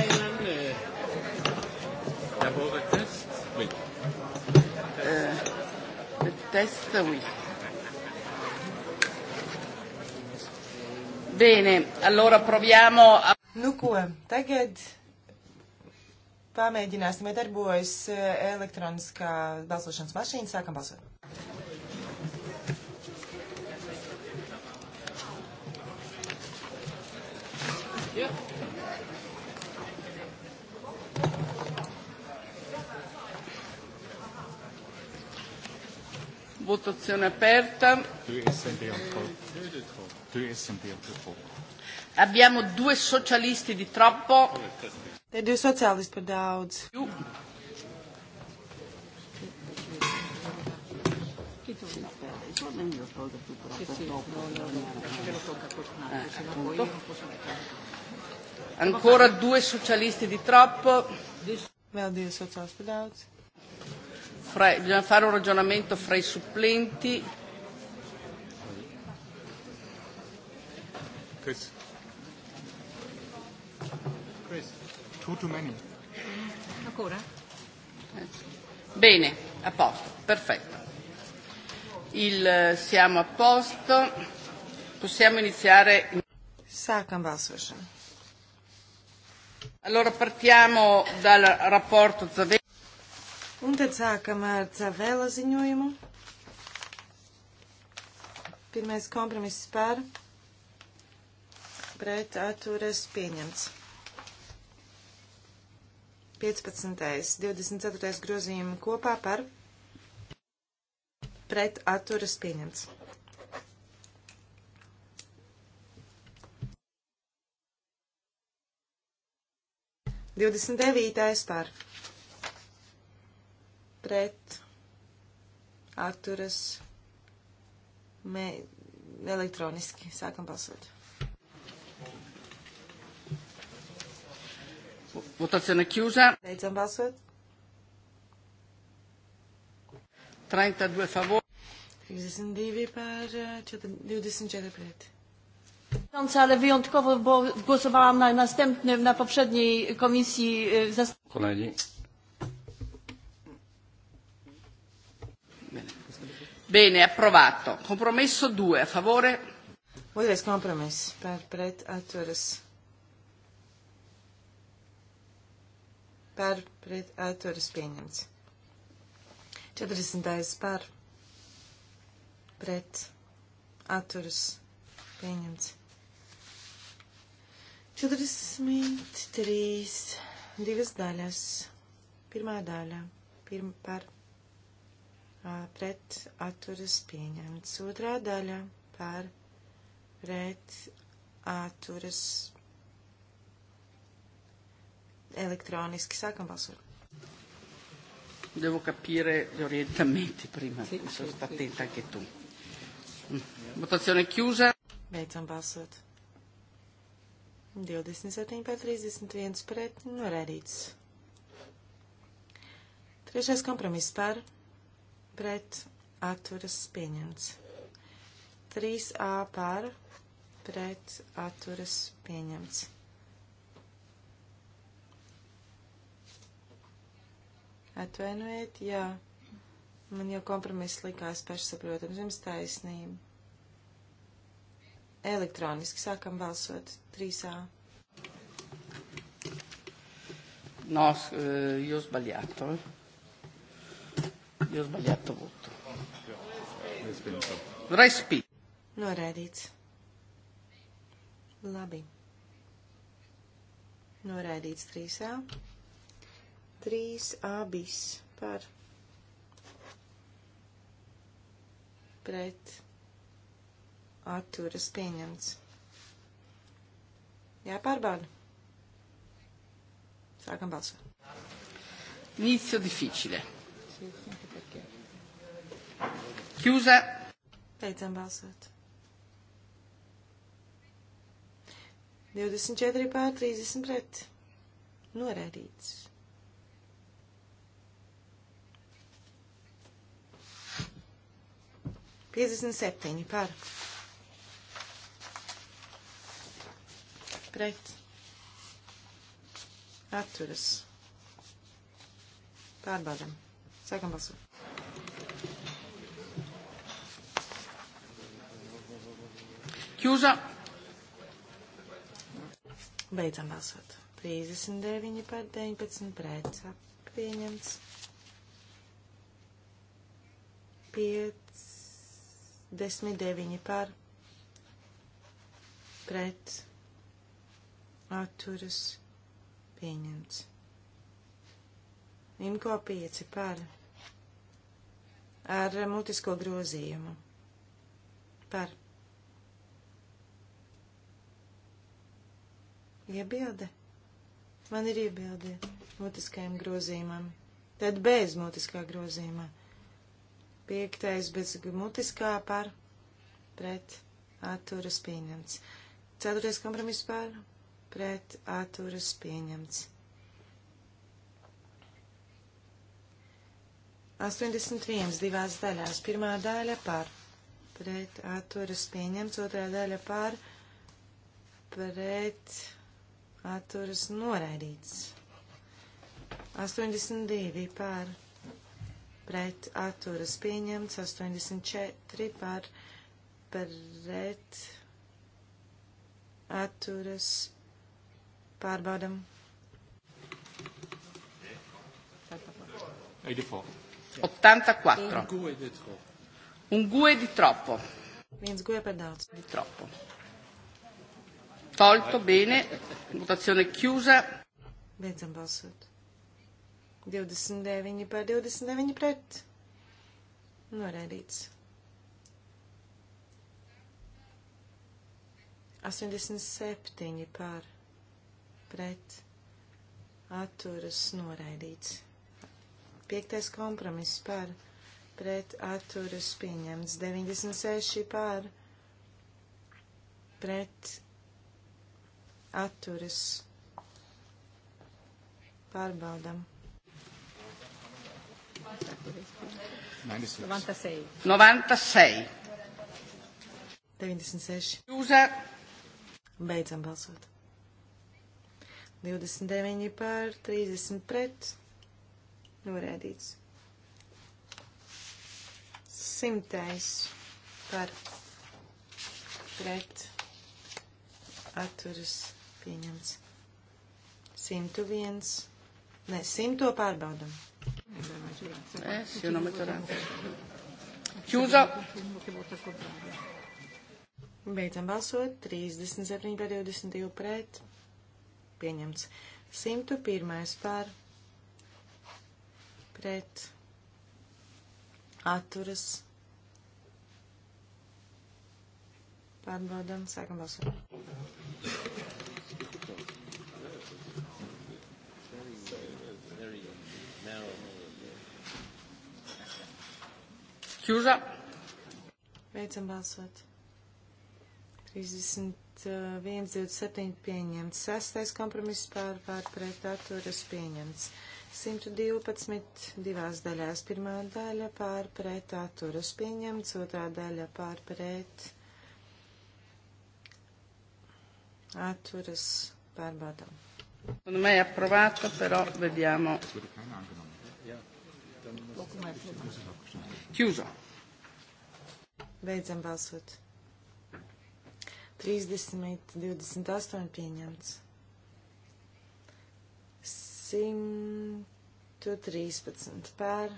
S1: D'abord le test Oui. Euh, le test, oui.
S2: Bene, allora proviamo a... Nu ko, tagad pamēģināsim, vai darbojas eh, elektroniskā balsošanas mašīna. Sākam balsot. Yeah.
S3: Votazione
S1: aperta. E e Abbiamo due socialisti di troppo.
S2: Te due socialisti per daudz. Più.
S1: Eh, sì, sì, no, no, eh, perché lo tocca a Cortinati, eh, se no poi non posso mettere. Ancora due socialisti di troppo. Vēl divi sociāls par daudz. Fra, bisogna fare un ragionamento fra i supplenti.
S3: Chris. Chris, two too many.
S1: Ancora? Bene, a posto, perfetto. Il, siamo a posto. Possiamo iniziare. Sākam balsošanu. Allora partiamo dal raportu Cavela.
S2: Un tad sākam ar Cavela ziņojumu. Pirmais kompromiss par pret atturas pieņemts. 15. 24. grozījumi kopā par pret atturas pieņemts. 29. par pret atturas me, elektroniski. Sākam balsot. Votazione chiusa. Beidzam balsot. 32 favori. 32 par 24 pret. Ale wyjątkowo, bo
S1: głosowałam na następnym, na poprzedniej komisji. Kolegi. Bene, approvato. Compromesso 2, a favore. Otrais kompromiss par pret atturas.
S2: Par pret atturas pieņemts. 40. par pret atturas pieņemts. 43, divas daļas. Pirmā daļa pirm, par pret atturas pieņemts. Otrā daļa par pret atturas elektroniski sākam balsot.
S1: Devo capire gli orientamenti prima, sì, sono stata attenta anche tu.
S5: Votazione
S2: chiusa. Beidzam balsot. 27 pār 31 pret norēdīts. Trešais kompromiss par pret atturas pieņemts. 3A par pret atturas pieņemts. Atvainojiet, jā. Man jau kompromiss likās pašsaprotams, jums taisnība. Elektroniski sākam balsot 3A.
S1: No, eh, io ho sbagliato. Eh. Io ho sbagliato voto.
S2: Respi. Noraidīts. Labi. Noraidīts 3A. 3A bis par pret atturas pieņemts. Jāpārbauda. Sākam balsot. Inizio difficile. Chiusa. Beidzam balsot. 24 pār 30 pret. Norādīts. Piecdesmit septiņi par. pret atturas. Pārbaudam. Sākam balsot. Kjūža. Beidzam balsot. 39 par 19 pret. Pieņemts. 59 par pret atturas pieņemts. Imko 5 par ar mutisko grozījumu par iebilde. Man ir iebilde mutiskajam grozījumam. Tad bez mutiskā grozījumā. Piektais bez mutiskā par pret atturas pieņemts. Ceturtais kompromiss par pret atturas pieņemts. 81. divās daļās. Pirmā daļa par pret atturas pieņemts, otrā daļa par pret atturas noraidīts. 82 par pret atturas pieņemts, 84 par pret atturas pieņemts Pārbaudam.
S3: 84.
S1: Un gue di troppo. Viens
S2: gue per daudz. Di
S1: troppo. Tolto bene. Votazione chiusa.
S2: Beidzam balsot. 29 par 29 pret. Noraidīts. 87 par pret atturas noraidīts. Piektais kompromiss par pret atturas pieņemts. 96 par pret atturas pārbaudam.
S1: 96. 96.
S2: 96. Jūza. Beidzam balsot. 29 pār 30 pret. Norēdīts. Simtais par pret atturas pieņemts. 101. Nē, 100 pārbaudam. Es jau nometorā. Čūza. Beidzam balsot. 37 par 22 pret pieņemts. 101. par pret atturas pārbaudam, sākam balsot. Čūža. Beidzam balsot. 30. 127 pieņemts. 6. kompromiss par pārpret atturas pieņemts. 112 divās daļās. Pirmā daļa pārpret atturas pieņemts, otrā daļa pārpret atturas pārbaudām. Un mēs aprovāta, però vediamo. Chiuso. Beidzam balsot. 30, 28 pieņemts. 113 pār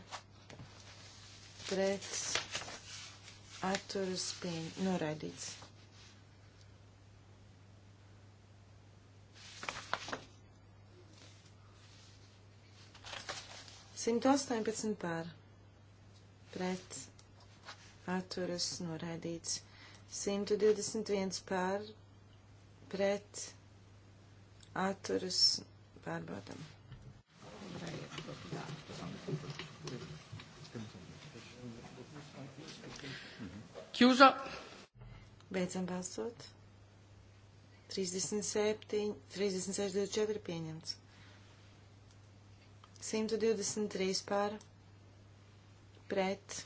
S2: pret atturas pieņ... noraidīts. Simt astoņpadsmit pār pret atturas noraidīts. 121 pār pret atturas pārbaudam. Kjūza. Beidzam balsot. 37, 36, 24 pieņemts. 123 pār pret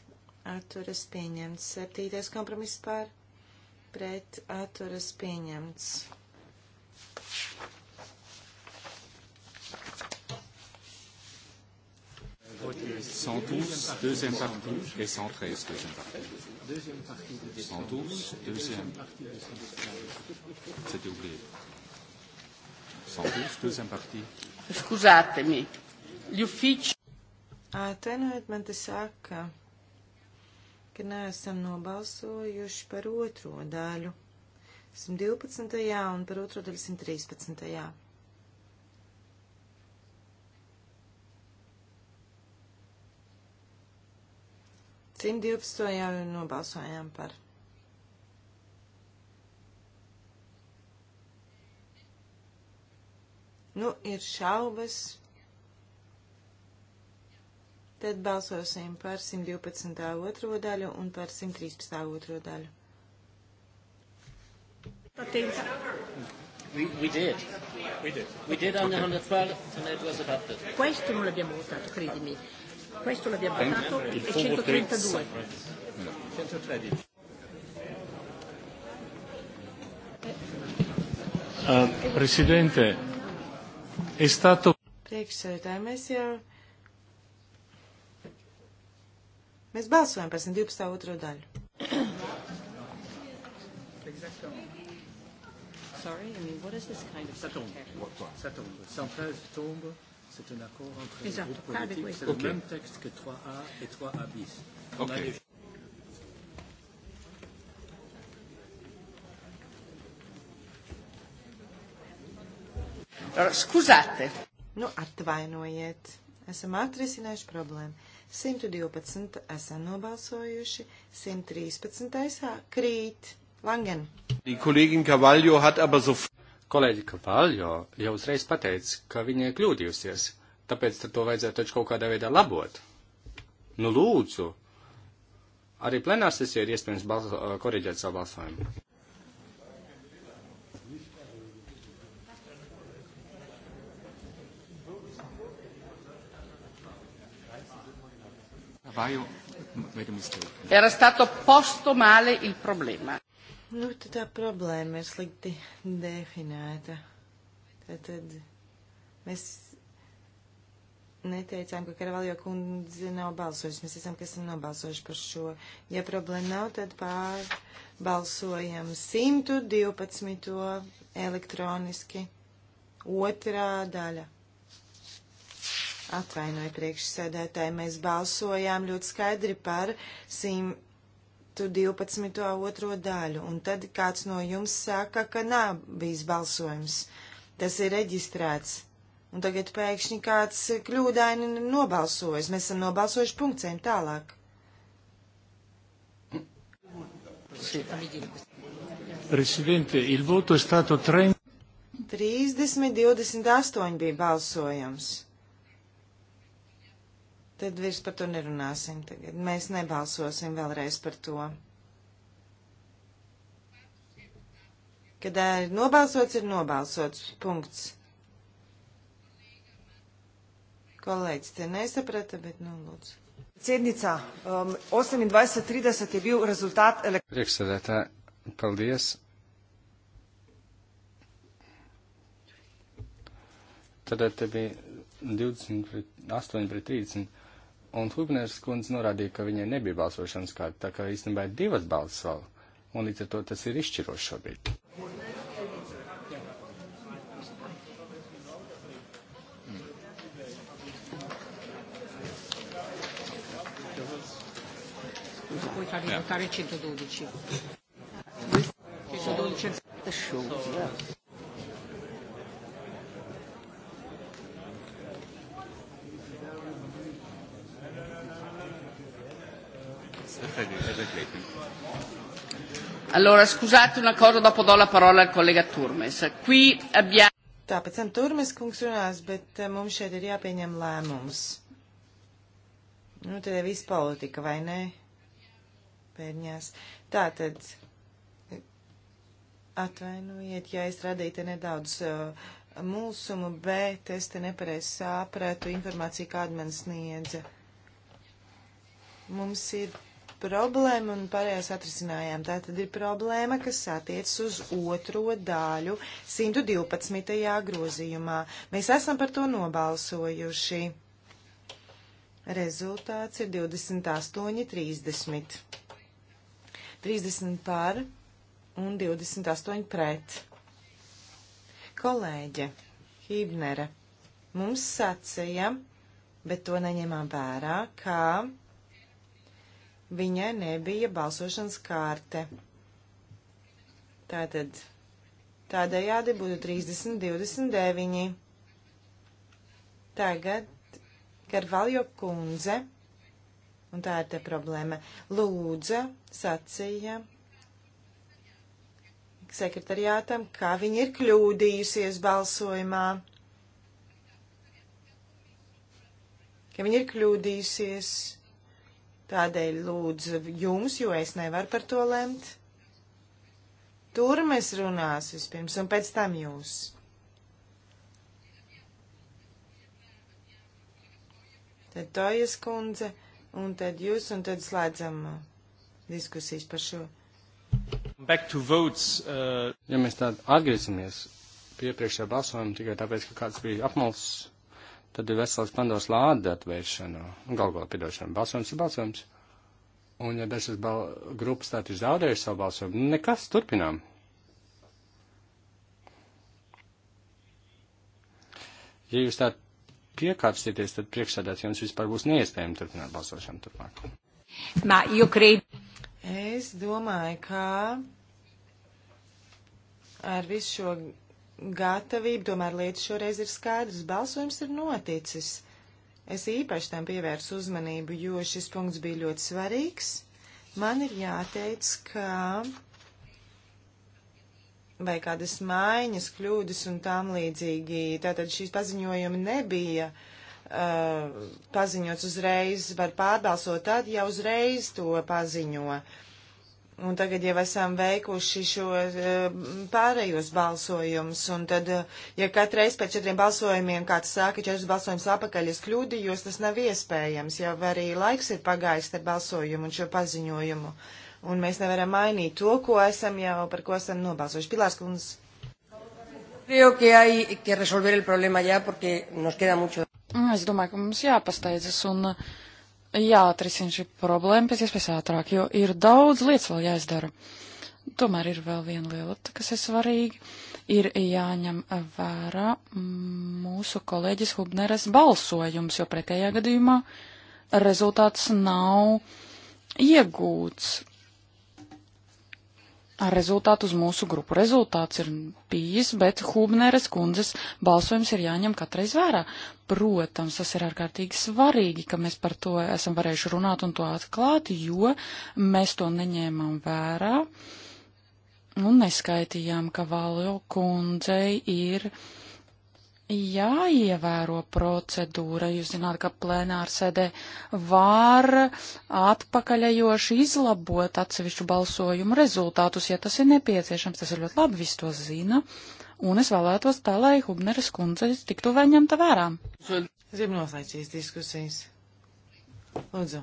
S2: atturas pieņemts. 7. kompromiss pār pret atturas pieņemts.
S3: Voté 112, deuxième partie, et 113, deuxième partie. Deuxième partie de 112, deuxième. C'était oublié. 112, deuxième partie.
S2: Scusatemi, gli uffici. Atenojiet man te saka ka neesam nobalsojuši par otro daļu. 112. un par otro daļu 113. Simt divpadsmito jau nobalsojām par. Nu, ir šaubas Tad balsosim par 112. otro daļu un par 113. otro daļu.
S3: We, we did. We did. We did on the 112 and it was adopted. Questo
S1: non l'abbiamo votato, credimi. Questo l'abbiamo votato e 132.
S3: 113.
S2: Uh, Presidente, è stato... Priekšsēdētāji, mēs jau Mēs balsojam par 112. otro daļu.
S3: Sorry,
S1: I mean, what is this kind of... Ça tombe.
S3: Ça tombe. 113 tombe. C'est un accord entre les groupes politiques. C'est okay. le même texte que 3A et 3A bis. Okay.
S2: Allora, scusate. Nu, atvainojiet, esam atrisinājuši problēmu. 112 esam nobalsojuši, 113 krīt. Langen.
S3: Kolēģi Kavaljo jau uzreiz pateica, ka viņa ir kļūdījusies, tāpēc to vajadzētu taču kaut kādā veidā labot. Nu lūdzu, arī plenārsesija ir iespējams korrigēt savu balsojumu. Era stato
S1: posto male il problema.
S2: Nu, tad tā problēma ir slikti definēta. Tad, tad mēs neteicām, ka Karavaljo kundze nav balsojusi. Mēs esam, ka esam nobalsojuši par šo. Ja problēma nav, tad pārbalsojam 112. elektroniski. Otrā daļa. Atvainoju priekšsēdētāji, mēs balsojām ļoti skaidri par 112. otro daļu, un tad kāds no jums saka, ka nav bijis balsojums. Tas ir reģistrēts. Un tagad pēkšņi kāds kļūdaini nobalsojas. Mēs esam nobalsojuši punkcēm tālāk.
S3: Presidente, il voto è stato 30.
S2: 30, 28 bija balsojums. Tad vairs par to nerunāsim tagad. Mēs nebalsosim vēlreiz par to. Kad ir nobalsots, ir nobalsots. Punkts. Kolēģis te nesaprata, bet nu lūdzu. Ciednicā,
S3: um, 28.30 je bil rezultat elektroniski. Priekšsēdētā, paldies. Tad te bija 20 pret 8 pret 30 un Hubners kundze norādīja, ka viņai nebija balsošanas kārta, tā kā īstenībā ir divas balsas vēl, un līdz ar to tas ir izšķiroši šobrīd.
S1: Poi farvi votare 112. 112 show. Yeah. Allora, scusate una cosa, dopo do la parola al collega Turmes. Qui abbiamo...
S2: Tā, pēc tam Turmes kungs runās, bet eh, mums šeit ir jāpieņem lēmums. Nu, tad ir viss politika, vai ne? Pēdņās. Tā tad, atvainojiet, ja es radīju te nedaudz uh, mulsumu, bet es te nepareiz sāpratu informāciju, kādu man sniedza. Mums ir problēmu un pārējās atrisinājām. Tā tad ir problēma, kas attiecas uz otro daļu 112. grozījumā. Mēs esam par to nobalsojuši. Rezultāts ir 28, 30. 30 par un 28 pret. Kolēģe Hībnere mums sacīja, bet to neņemām vērā, kā Viņai nebija balsošanas kārte. Tātad tādējādi būtu 30, 29. Tagad Karvaljo kundze, un tā ir te problēma, lūdza, sacīja sekretariātam, kā viņa ir kļūdījusies balsojumā, ka viņa ir kļūdījusies. Tādēļ lūdzu jums, jo es nevaru par to lemt. Tur mēs runās vispirms un pēc tam jūs. Tad Tojas kundze un tad jūs un tad slēdzam uh, diskusijas par šo.
S3: Back to votes. Uh... Ja mēs tādu atgriezamies pie priekšējā balsojuma tikai tāpēc, ka kāds bija apmalsis tad ir vesels Pandoras lāde atvēršana, galvā piedošana, balsojums ir balsojums. Un ja dažas bal grupas tā ir zaudējušas savu balsojumu, nekas, turpinām. Ja jūs tā piekāpsieties, tad priekšsēdētājs jums vispār būs neiespējami turpināt balsošanu turpmāk.
S2: Mā, jūkrīt. Es domāju, ka ar visu šo gatavību, tomēr lietas šoreiz ir skaidrs, balsojums ir noticis. Es īpaši tam pievērsu uzmanību, jo šis punkts bija ļoti svarīgs. Man ir jāteic, ka vai kādas maiņas, kļūdas un tām līdzīgi. Tātad šīs paziņojumi nebija uh, paziņots uzreiz, var pārbalsot tad, ja uzreiz to paziņo. Uh, Un tagad jau esam veikuši šo uh, pārējos balsojumus, un tad, uh, ja katreiz pēc četriem balsojumiem kāds sāka četrus balsojumus apakaļ, es kļūdījos, tas nav iespējams, jau arī laiks ir pagājis ar balsojumu un šo paziņojumu, un mēs nevaram mainīt to, ko esam jau, par ko esam nobalsojuši. Pilārs Kunz. Creo que hay
S1: que resolver el problema ya, porque nos queda mucho.
S4: Es domāju, ka mums jāpasteidzas, un uh, jāatrisina šī problēma pēc iespējas ātrāk, jo ir daudz lietas vēl jāizdara. Tomēr ir vēl viena lieta, kas ir svarīga. Ir jāņem vērā mūsu kolēģis Hubneres balsojums, jo pretējā gadījumā rezultāts nav iegūts rezultātu uz mūsu grupu. Rezultāts ir bijis, bet Hubneres kundzes balsojums ir jāņem katreiz vērā. Protams, tas ir ārkārtīgi svarīgi, ka mēs par to esam varējuši runāt un to atklāt, jo mēs to neņēmām vērā un neskaitījām, ka Valjo kundzei ir uh, jāievēro procedūra. Jūs zināt, ka plēnāra sēdē var atpakaļajoši izlabot atsevišķu balsojumu rezultātus, ja tas ir nepieciešams. Tas ir ļoti labi, visi to zina. Un es vēlētos tā, lai Hubneres kundze tiktu vai ņemta vērā.
S2: Zinu noslēdzīs diskusijas. Lūdzu.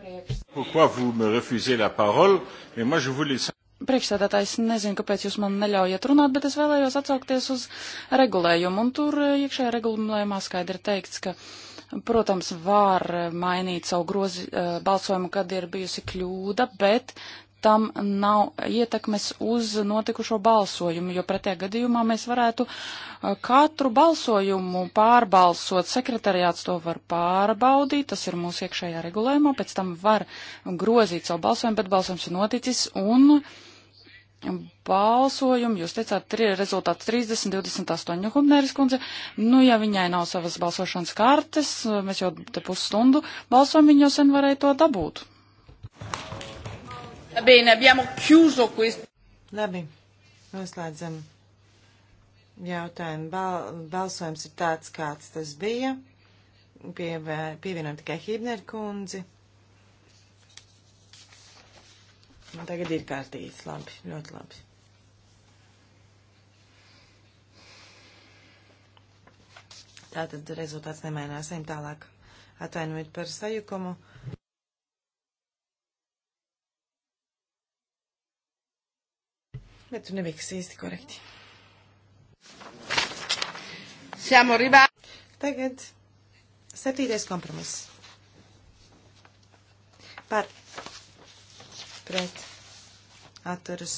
S2: Priekš. Pourquoi vous me refusez la parole, mais moi je voulais
S4: priekšsēdētājs nezinu, kāpēc jūs man neļaujat runāt, bet es vēlējos atsaukties uz regulējumu, un tur eh, iekšējā regulējumā skaidri teikts, ka, protams, var mainīt savu grozi, eh, balsojumu, kad ir bijusi kļūda, bet tam nav ietekmes uz notikušo balsojumu, jo pretējā gadījumā mēs varētu uh, katru balsojumu pārbalsot. Sekretariāts to var pārbaudīt, tas ir mūsu iekšējā regulējumā, pēc tam var grozīt savu balsojumu, bet balsojums ir noticis un balsojumu. Jūs teicāt, tri, rezultāts 30, 28. Hubneris kundze, nu, ja viņai nav savas balsošanas kartes, mēs jau te pusstundu balsojam, viņa jau sen varēja to dabūt.
S2: Bene, abbiamo chiuso questo. Labi, noslēdzam jautājumu. Bal balsojums ir tāds, kāds tas bija. Pievē, pievienojam tikai Hibner kundzi. Un tagad ir kārtīgi. Labi, ļoti labi. Tātad rezultāts nemainās. Ejam tālāk. Atvainojiet par sajukumu. Bet tu nebiksi īsti korekti. Siamo arrivati. Tagad septītais kompromiss. Par pret atturas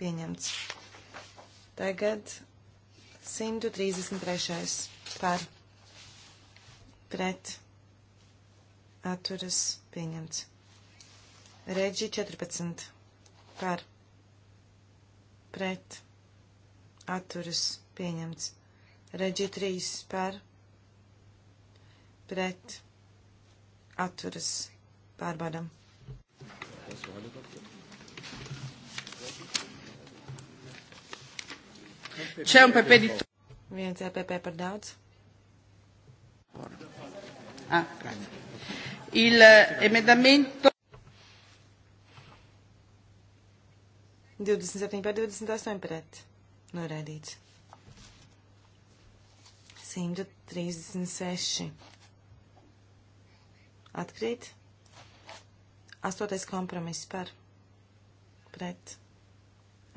S2: pieņemts. Tagad 133. par pret atturas pieņemts. Reģi 14 par pret, atturas, pieņemts. Reģi 3 par, pret, atturas, pārbaudam.
S5: C'è un pepe di...
S2: Viens EPP par daudz. Ah, grazie. Il eh, emendamento 27 par 28 pret. Noraidīts. 136. Atkrīt. Astotais kompromiss par. Pret.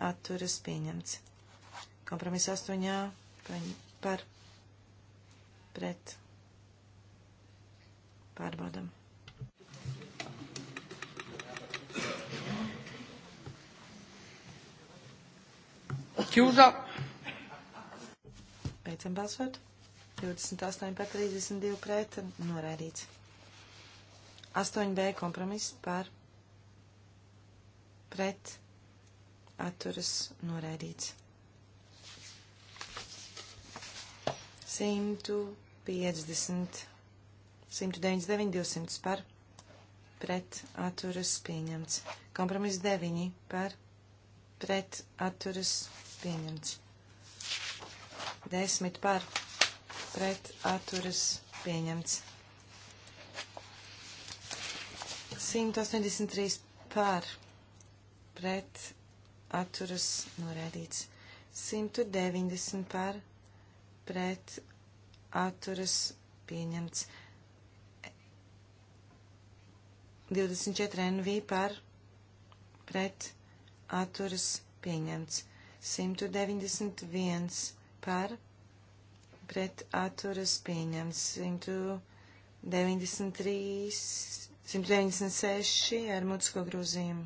S2: Atturas pieņemts. Kompromiss 8. Par. Pret. Pārbaudam. Ķūza. Beidzam balsot. 28 par 32 pret noraidīts. 8B kompromiss par pret atturas noraidīts. 150, 199, 200 par pret atturas pieņemts. Kompromiss 9 par pret atturas pieņemts. 10 par pret atturas pieņemts. 183 par pret atturas norēdīts. 190 par pret atturas pieņemts. 24 NV par pret atturas pieņemts atturas pieņemts. 191 par pret atturas pieņemts. 193, 196 ar mutisko grozījumu.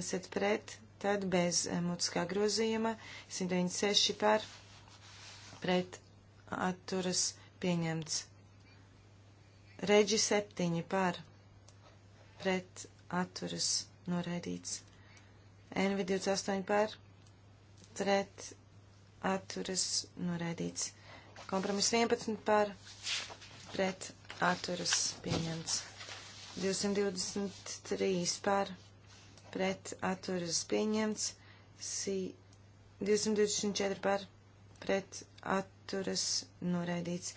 S2: Esat pret, tad bez eh, mutiskā grozījuma 196 par pret atturas pieņemts. Reģi septiņi par pret atturas noraidīts. NV28 par pret atturas noraidīts. Kompromiss 11 par pret atturas pieņemts. 223 par pret atturas pieņemts. 224 par pret atturas noraidīts.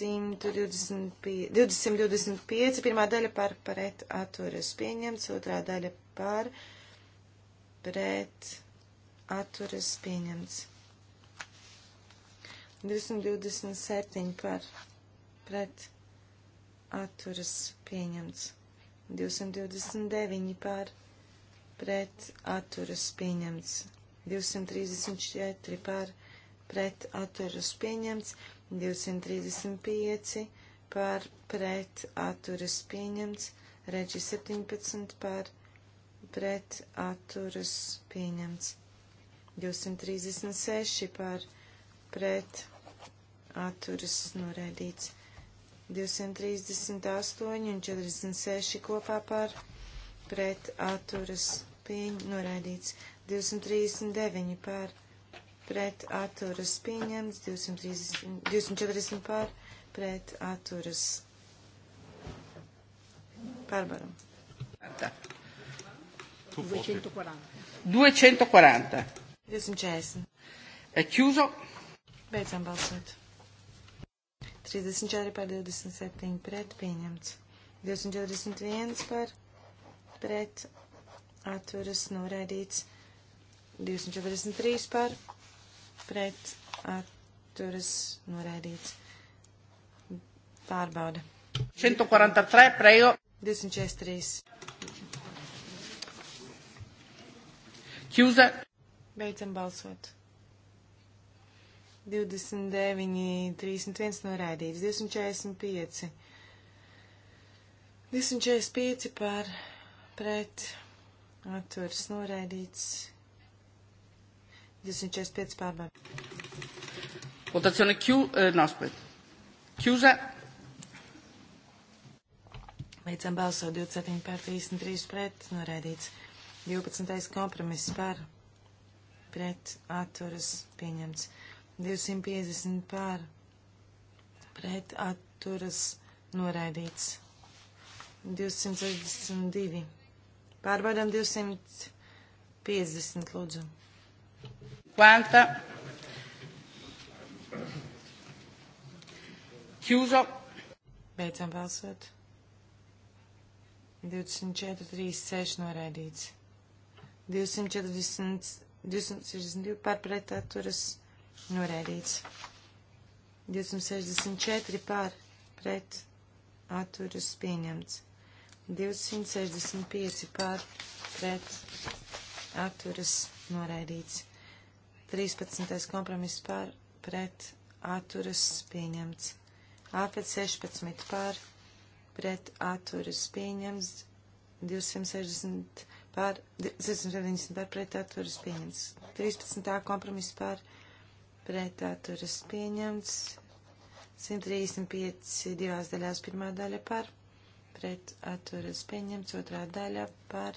S2: 125, 225 pirmā daļa par pret atturas pieņemts, otrā daļa par pret pret atturas pieņemts. 227 par pret atturas pieņemts. 229 par pret atturas pieņemts. 234 par pret atturas pieņemts. 235 par pret atturas pieņemts. Reģi 17 par pret pret atturas pieņemts. 236 par pret atturas noraidīts. 238 un 46 kopā par pret atturas pieņ noraidīts. 239 par pret atturas pieņemts. 230, 240 par pret atturas pārbaram. Tā.
S1: 240. 240.
S2: 240. È chiuso. Beidzam balsot. 34 par 27 pret pieņemts. 241 par pret atturas noraidīts. 243 par pret atturas noraidīts. Pārbauda. 143 prejo. 243. Chiusa. Beidzam balsot. 29, 31 noraidīts, 245. 245 par pret atturs noraidīts, 245 pārbaudīt.
S1: Votazione Q, eh, no, aspetta. Chiusa.
S2: Beidzam balsot 27 pār 33 pret, noraidīts. 12. kompromiss par pret atturas pieņemts. 250 par pret atturas noraidīts. 262. Pārbaudām 250, lūdzu. Quanta? Chiuso. Beidzam balsot. 24, 3, 6 noraidīts. 240, 262 pār pret atturas norēdīts. 264 pār pret atturas pieņemts. 265 pār pret atturas norēdīts. 13. kompromiss pār pret atturas pieņemts. AP 16 pār pret atturas pieņemts. 260 pār 270 pār pretāturas pieņemts. 13. kompromiss pār pretāturas pieņemts. 135 divās daļās pirmā daļa pār pretāturas pieņemts. Otrā daļa pār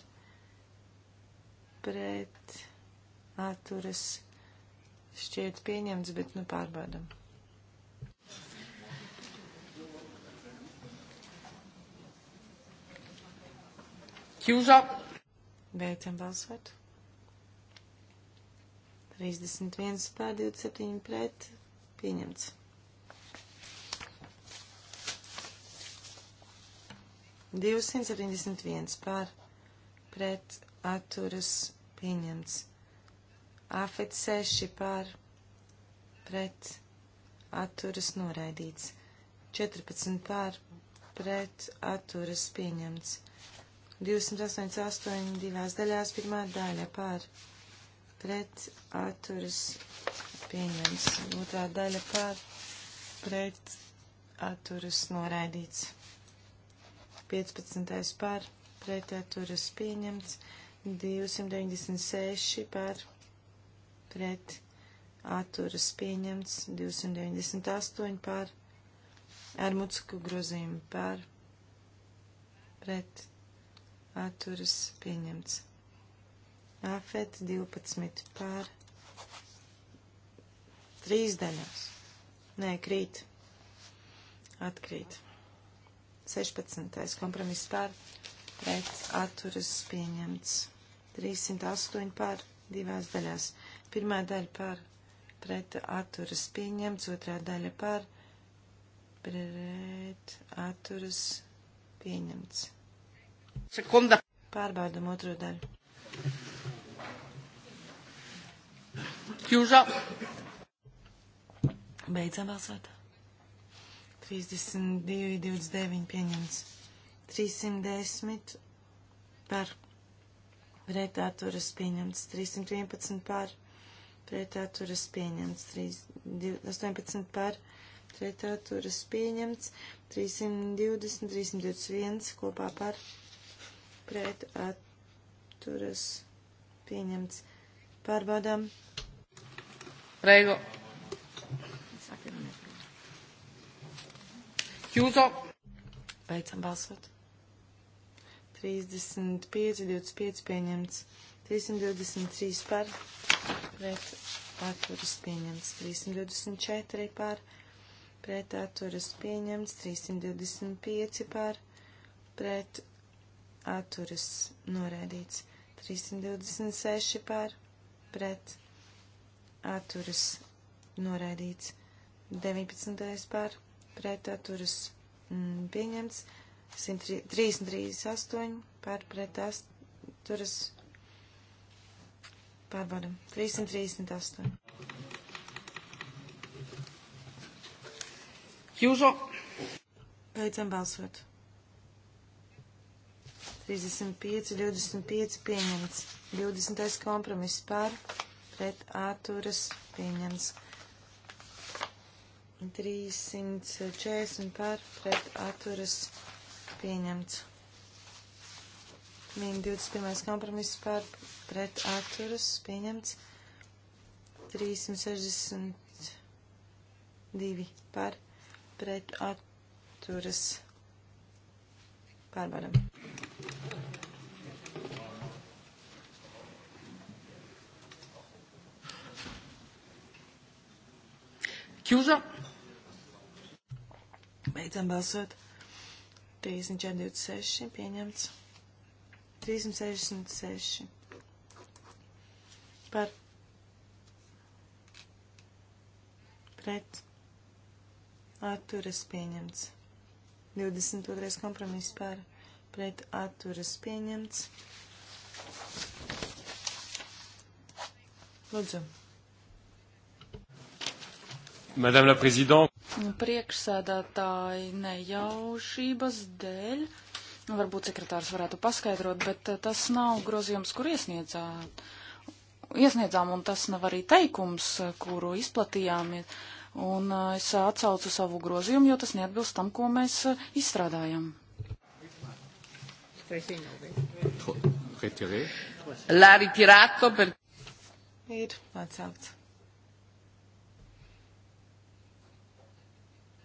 S2: pretāturas šķiet pieņemts, bet nu pārbaudam. Chiusa Beidzam balsot. 31 pār 27 pret. Pieņemts. Divsimt septiņdesmit viens pār pret atturas pieņemts. Afet seši pār pret atturas noraidīts. Četrpadsmit pār pret atturas pieņemts. 288 divās daļās pirmā daļa par pret atturas pieņems. Otrā daļa par pret atturas noraidīts. 15. par pret atturas pieņemts. 296 par pret atturas pieņemts. 298 par ar mucku grozījumu par pret atturas pieņemts. Afet 12 pār. Trīs daļās. Nē, krīt. Atkrīt. 16. kompromiss pār. Pret atturas pieņemts. 308 pār. Divās daļās. Pirmā daļa pār. Pret atturas pieņemts. Otrā daļa pār. Pret atturas pieņemts. Sekunda. Pārbaudam otro daļu. Jūžā. Beidzam balsot. 32, 29 pieņemts. 310 par pretāturas pieņemts. 311 par pretāturas pieņemts. 3, 18 par pretāturas pieņemts. 320, 321 kopā par pretāturas pieņemts pret atturas pieņemts. Pārbaudām. Reigo. Jūzo. Beidzam balsot. 35, 25 pieņemts. 323 par, pret atturas pieņemts. 324 par, pret atturas pieņemts. 325 par, pret atturas noraidīts. 326 par pret atturas noraidīts. 19. par pret atturas mm, pieņemts. 138 par pret atturas pārbaudam. 338. Jūžo. Beidzam balsot. 35, 25 pieņemts. 20. kompromiss par, pret atturas pieņemts. 340 par, pret atturas pieņemts. Min 21. kompromiss par, pret atturas pieņemts. 362 par, pret atturas pārbaram. Chiusa. Beidzam balsot. 34, 26 pieņemts. 366 par pret atturas pieņemts. 22. kompromiss par pret atturas pieņemts. Lūdzu.
S3: Madame la Présidente.
S4: Nu, priekšsēdētāji nejaušības dēļ. Nu, varbūt sekretārs varētu paskaidrot, bet eh, tas nav grozījums, kur iesniedzāt. iesniedzām, un tas nav arī teikums, eh, kuru izplatījām. Un eh, es atsaucu savu grozījumu, jo tas neatbilst tam, ko mēs
S1: izstrādājam. Ir
S2: atsaukts.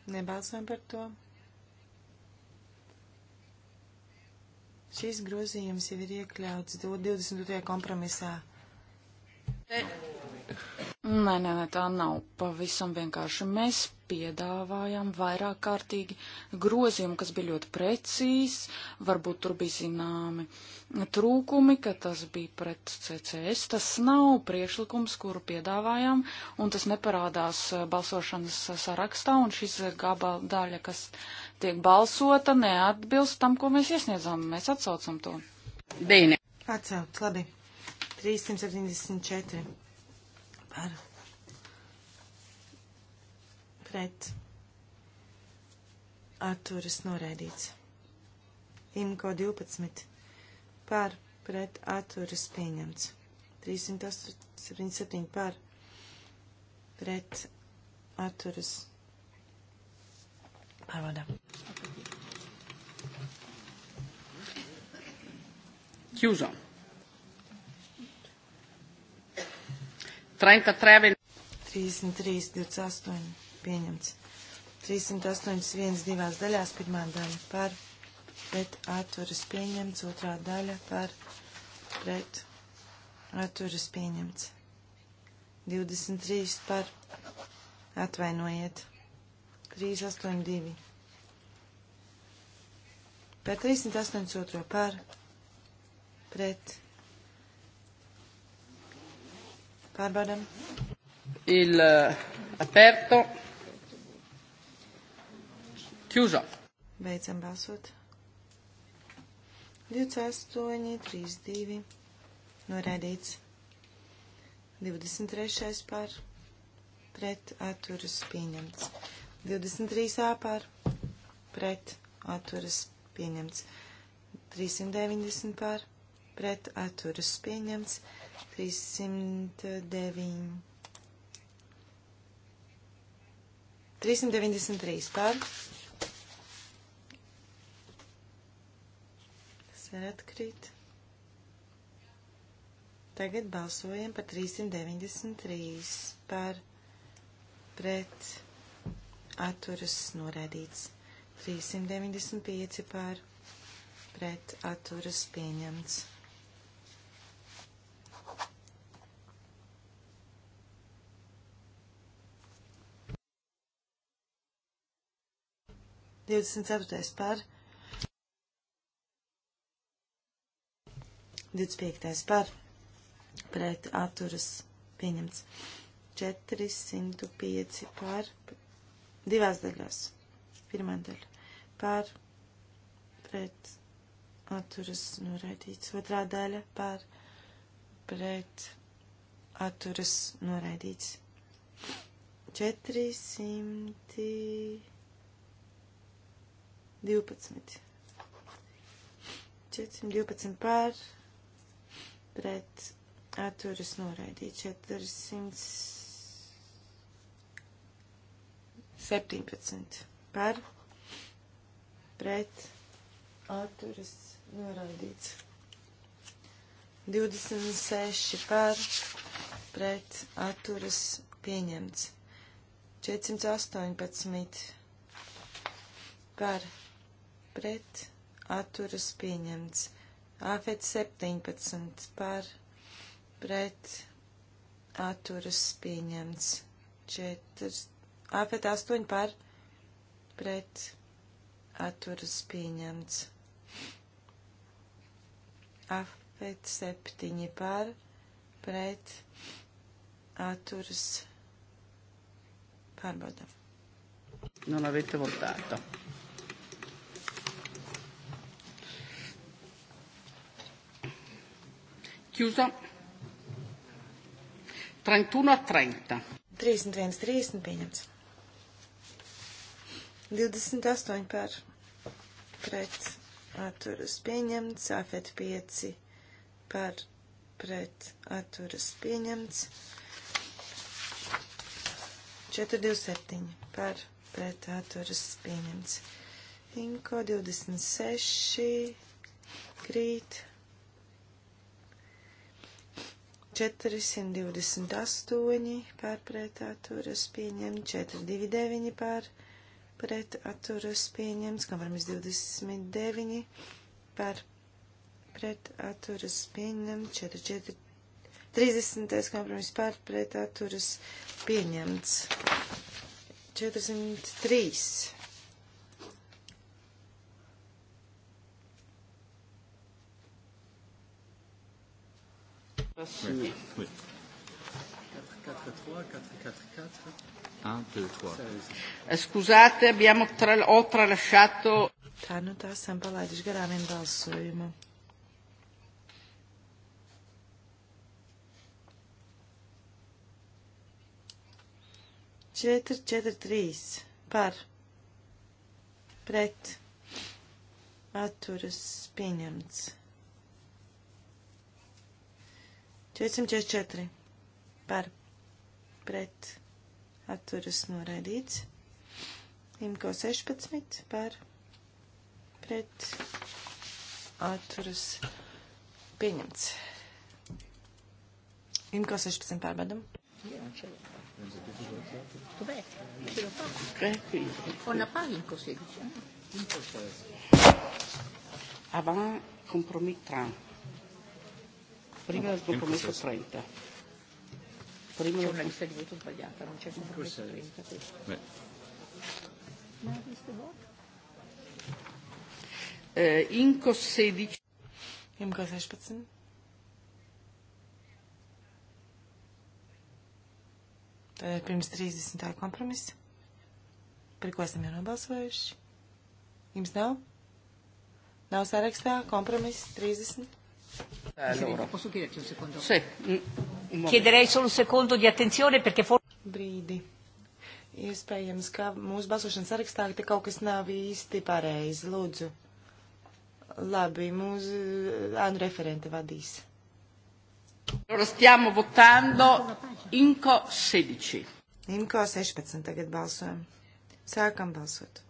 S2: Nebalsojam par to. Šis grozījums jau ir iekļauts 22. kompromisā.
S5: Nē, nē,
S2: nē, tā
S4: nav pavisam vienkārši. Mēs piedāvājām vairāk kārtīgi grozījumu, kas bija ļoti precīzi, varbūt tur bija zināmi trūkumi, ka tas bija pret CCS. Tas nav priekšlikums, kuru piedāvājām, un tas neparādās eh, balsošanas sarakstā, un šis gabala daļa, kas tiek balsota, neatbilst tam, ko mēs iesniedzām. Mēs atsaucam to.
S2: Dīne. Atsauc, labi. 374. Par pret atturas noraidīts. Imko 12 par pret atturas pieņemts. 377 par pret atturas pārvadā. Chiuso. 33, 28 pieņemts. 381 divās daļās, pirmā daļa par pret atturas pieņemts, otrā daļa par pret atturas pieņemts. 23 par atvainojiet. 382. Par 382 par pret pārbaudam. Il eh, aperto. Kjužā. Beidzam balsot. 28, 3, 2. Norēdīts. 23. par. Pret atturas pieņemts. 23. par. Pret atturas pieņemts. 390 par. Pret atturas pieņemts. 309. 393 par atkrīt. Tagad balsojam par 393 par pret atturas norādīts. 395 par pret atturas pieņemts. Divdesmit ceturtais par pret 25. par pret atturas pieņemts. 405 par divās daļās. Pirmā daļa par pret atturas noraidīts. Otrā daļa par pret atturas noraidīts. 412. 412 par pret atturas noraidīt 417 par pret atturas noraidīts 26 par pret atturas pieņemts 418 par pret atturas pieņemts Āfet 17 par pret atturas pieņemts. 4. Āfet 8 par pret atturas pieņemts. Āfet 7 par pret atturas pārbaudām.
S1: Non avete votato. Chiusa. 31 ar 30.
S2: 31, 30 pieņemts. 28 par pret atturas pieņemts, afet 5 par pret atturas pieņemts, 427 par pret atturas pieņemts, Inko 26 krīt 428 pār pret atturas pieņem, 429 pār pret atturas pieņems, kompromis 29 pār pret atturas pieņem, 44 30. kompromiss pārpret atturas pieņemts. 403
S1: Oui.
S5: oui. 1, 2,
S1: 4. Scusate, abbiamo tra, ho tralasciato.
S2: Tā, nu tā esam palaiduši garām vienu balsojumu. Četri, četri, trīs. Par. Pret. Atturas pieņemts. 464 par pret atturas noraidīts. Imko 16 par pret atturas pieņemts. Imko 16 pārbaudam.
S3: Avant compromis 30
S1: prima del compromesso 30. Prima c'è una lista di voto sbagliata, non c'è il compromesso 30. Eh, Inco 16. Imco 16.
S2: Tātad pirms 30. kompromisa, par ko esam jau nobalsojuši. Jums nav? Nav sarakstā kompromiss 30. Allora. Posso chiederti un
S1: secondo? Sì. Mm,
S2: un Chiederei solo un secondo di attenzione perché forse... Brīdi. Iespējams, ka mūsu balsošanas sarakstā te kaut kas nav īsti pareizi. Lūdzu. Labi, mūsu eh, ānu referente vadīs.
S1: Allora stiamo votando INCO 16.
S2: INCO 16 tagad balsojam. Sākam balsot.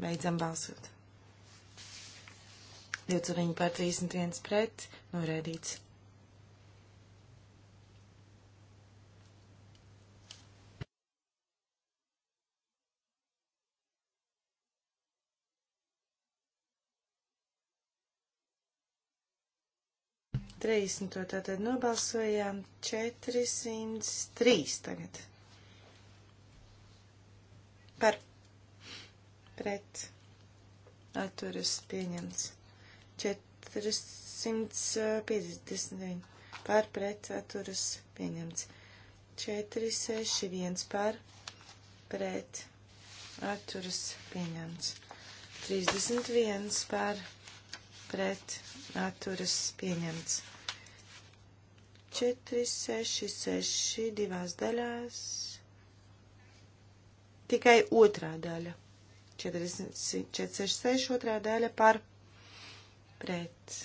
S2: Beidzam balsot. 29 pār 31 pret, norēdīts. Trīsdesmito tātad nobalsojām 403 tagad. Par pret atturas pieņemts. 459 uh, par pret atturas pieņemts. 461 par pret atturas pieņemts. 31 par pret atturas pieņemts. 4, 6, 6 divās daļās. Tikai otrā daļa 466 otrā daļa par pret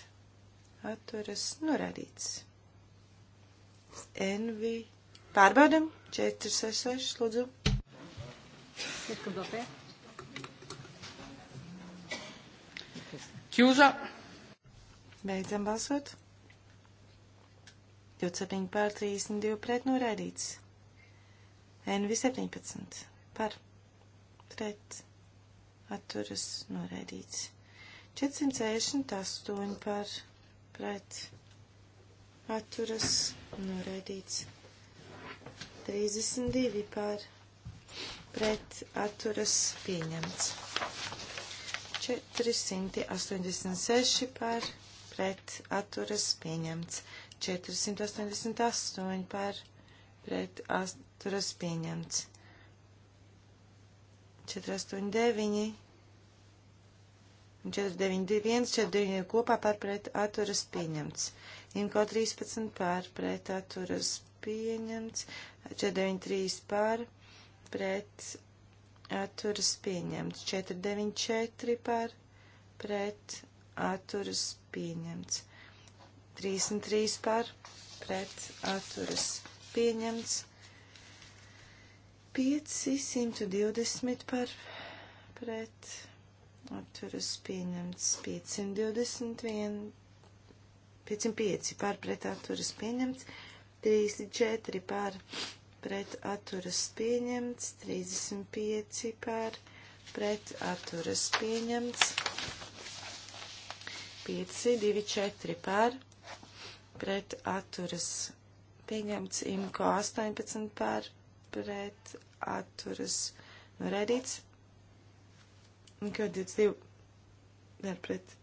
S2: atturas norādīts. NV pārbaudam 466 lūdzu. Kjūza. Beidzam balsot. 27 pār 32 pret norādīts. NV 17 par pret atturas noraidīts. 468 par pret atturas noraidīts. 32 par pret atturas pieņemts. 486 par pret atturas pieņemts. 488 par pret atturas pieņemts. 489 un 491, 49 kopā par pret atturas pieņemts. Imko 13 par pret atturas pieņemts, 493 par pret atturas pieņemts, 494 par pret atturas pieņemts, 33 par pret atturas pieņemts. 520 par pret atturas pieņemts 521, 505 par pret atturas pieņemts 34 par pret atturas pieņemts 35 par pret atturas pieņemts 5, 2, 4 par pret atturas pieņemts imko 18 par pret pret atturas norēdīts. Kā 22 par pret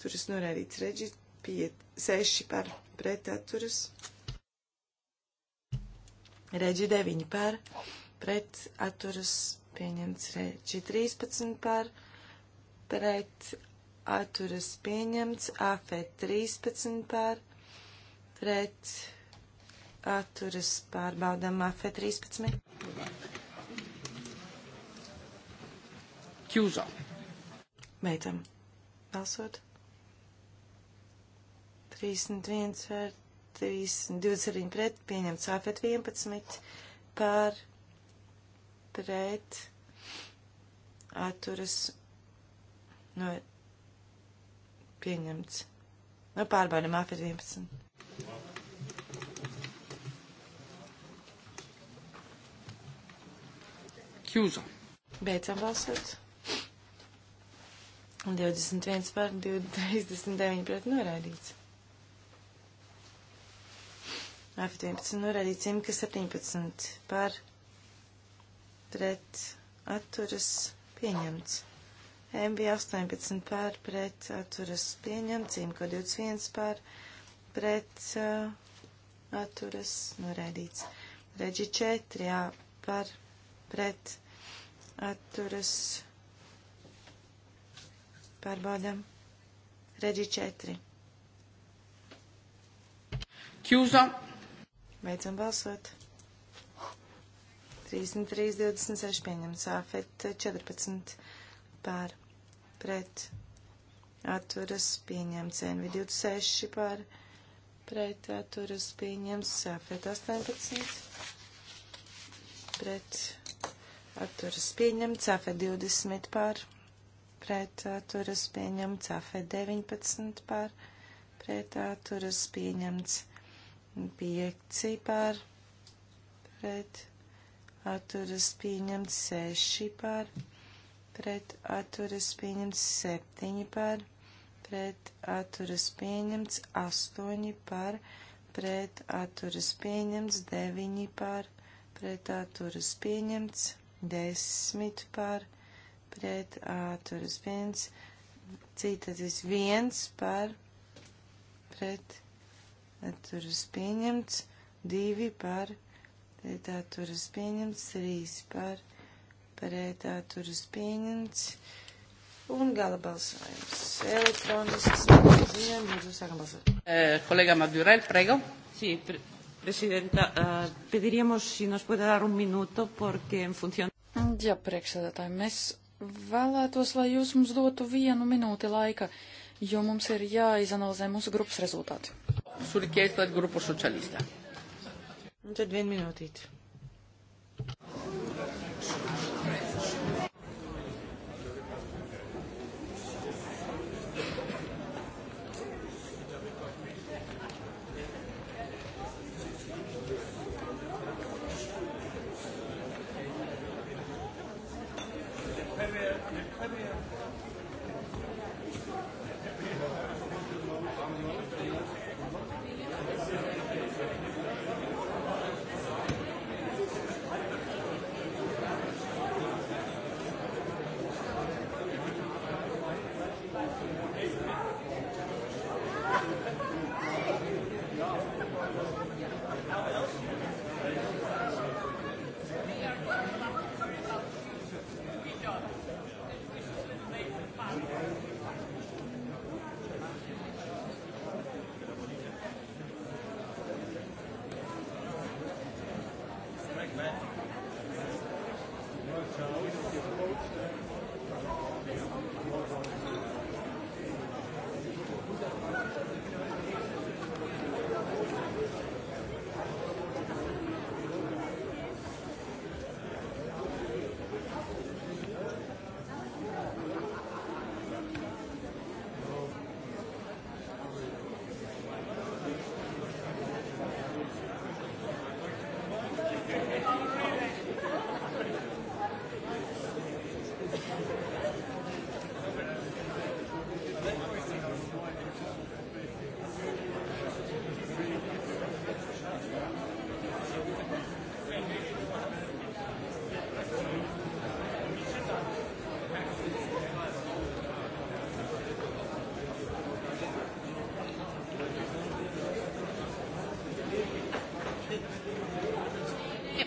S2: atturas norēdīts. Reģi 5, 6 par pret atturas. Reģi 9 par pret atturas pieņemts. Reģi 13 par pret atturas pieņemts. AF 13 par pret atturas atturas pārbaudām AFE 13. Kjūzā. Beidzam balsot. 31 ar 3, 27 pret, pieņemts AFET 11 par pret atturas no pieņemts. No nu, pārbaudam AFET 11. Wow. Chiuso. Beidzam balsot. 21 par 39 pret norādīts. F11 norādīts imka 17 par pret atturas pieņemts. MB 18 par pret atturas pieņemts. Imko 21 par pret uh, atturas norādīts. Reģi 4 jā, par pret atturas atturas pārbaudam. Redži 4. Kjūza. Beidzam balsot. 33, 26 pieņemts. Āfet 14 pār pret atturas pieņemts. NV 26 pār pret atturas pieņemts. Āfet 18 pret atturas pieņemts atturas pieņemts, AFE 20 par, pret atturas pieņemts, AFE 19 par, pret atturas pieņemts, 5 par, pret atturas pieņemts, 6 par, pret atturas pieņemts, 7 par, pret atturas pieņemts, 8 par, pret atturas pieņemts, 9 par, pret atturas pieņemts, 10 par, 10 par pret atturas 1, citas 1 par pret atturas pieņemts, 2 par pret atturas pieņemts, 3 par pret atturas pieņemts. Un gala balsojums. Elektronisks balsojums. Mēs uzsākam balsot. Eh, kolega Madurel, prego. Sí, pre
S1: presidenta, uh, pediríamos si nos puede dar un minuto porque en función. Jā,
S4: priekšsēdētāji, mēs vēlētos, lai jūs mums dotu vienu minūti laika, jo mums ir jāizanalizē mūsu grupas rezultāti.
S1: Surikēs, lai grupu socialistā.
S2: Un tad vienu minūtīti.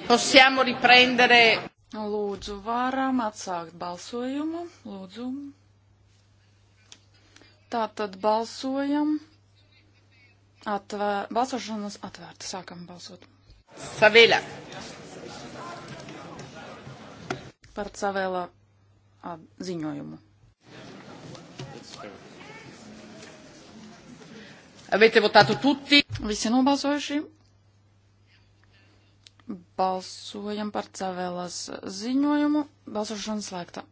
S4: Possiamo riprendere. Lūdzu, varam atsākt balsojumu. Lūdzu. Tātad balsojam. Atvēr... Balsošanas atvērta. Sākam balsot. Savila. Par Savēlā ziņojumu. Avete votato tutti? Visi nobalsojuši? Balsojam par Cavēlas ziņojumu. Balsošana slēgta.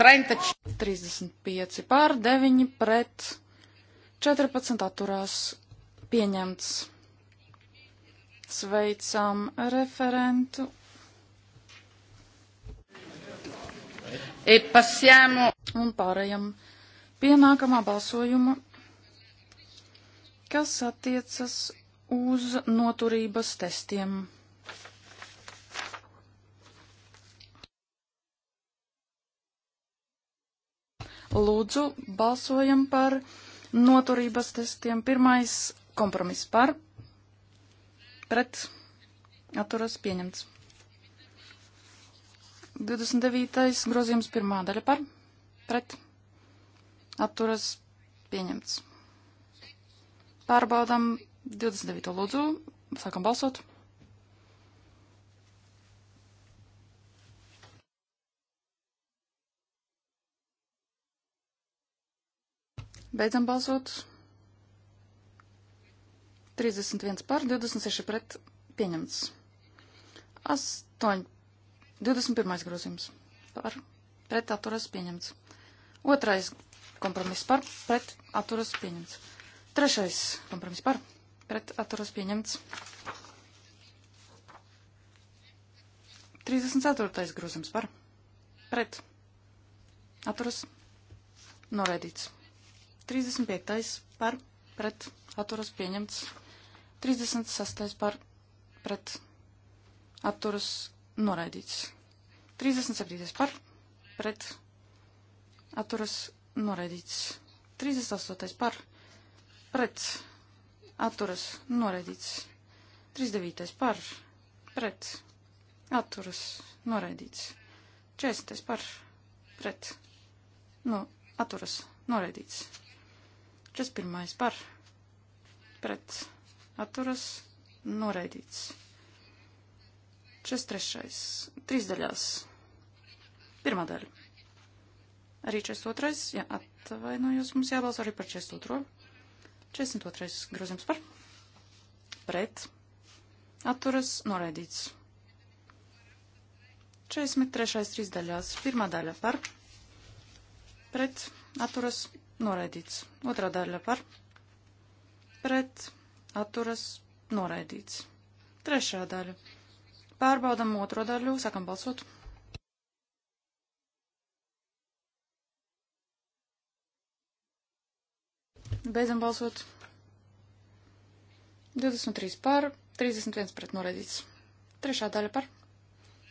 S4: 35 pār 9 pret 14 atturās pieņemts. Sveicam referentu. E passiamo. Un pārējam pie nākamā balsojuma, kas attiecas uz noturības testiem. Lūdzu, balsojam par noturības testiem. Pirmais kompromiss par, pret, atturas pieņemts. 29. grozījums pirmā daļa par, pret, atturas pieņemts. Pārbaudam 29. lūdzu, sākam balsot. Beidzam balsot. 31 par, 26 pret pieņemts. 8, 21 grozījums par, pret atturas pieņemts. Otrais kompromiss par, pret atturas pieņemts. Trešais kompromiss par, pret atturas pieņemts. 34. grozījums par, pret atturas noraidīts. 35. par pret atturas pieņemts. 36. par pret atturas noraidīts. 37. par pret atturas noraidīts. 38. par pret atturas noraidīts. 39. par pret atturas noraidīts. 40. par pret nu, atturas noraidīts. 41. par pret atturas noraidīts. 43. Trīs daļās. Pirmā daļa. Arī 42. Jā, atvainojos, mums jābalso arī par 42. 42. grozījums par pret atturas noraidīts. 43. trīs daļās. Pirmā daļa par pret atturas noraidīts noraidīts. Otrā daļa par, pret, atturas, noraidīts. Trešā daļa. Pārbaudam otro daļu, sākam balsot. Beidzam balsot. 23 par, 31 pret noraidīts. Trešā daļa par,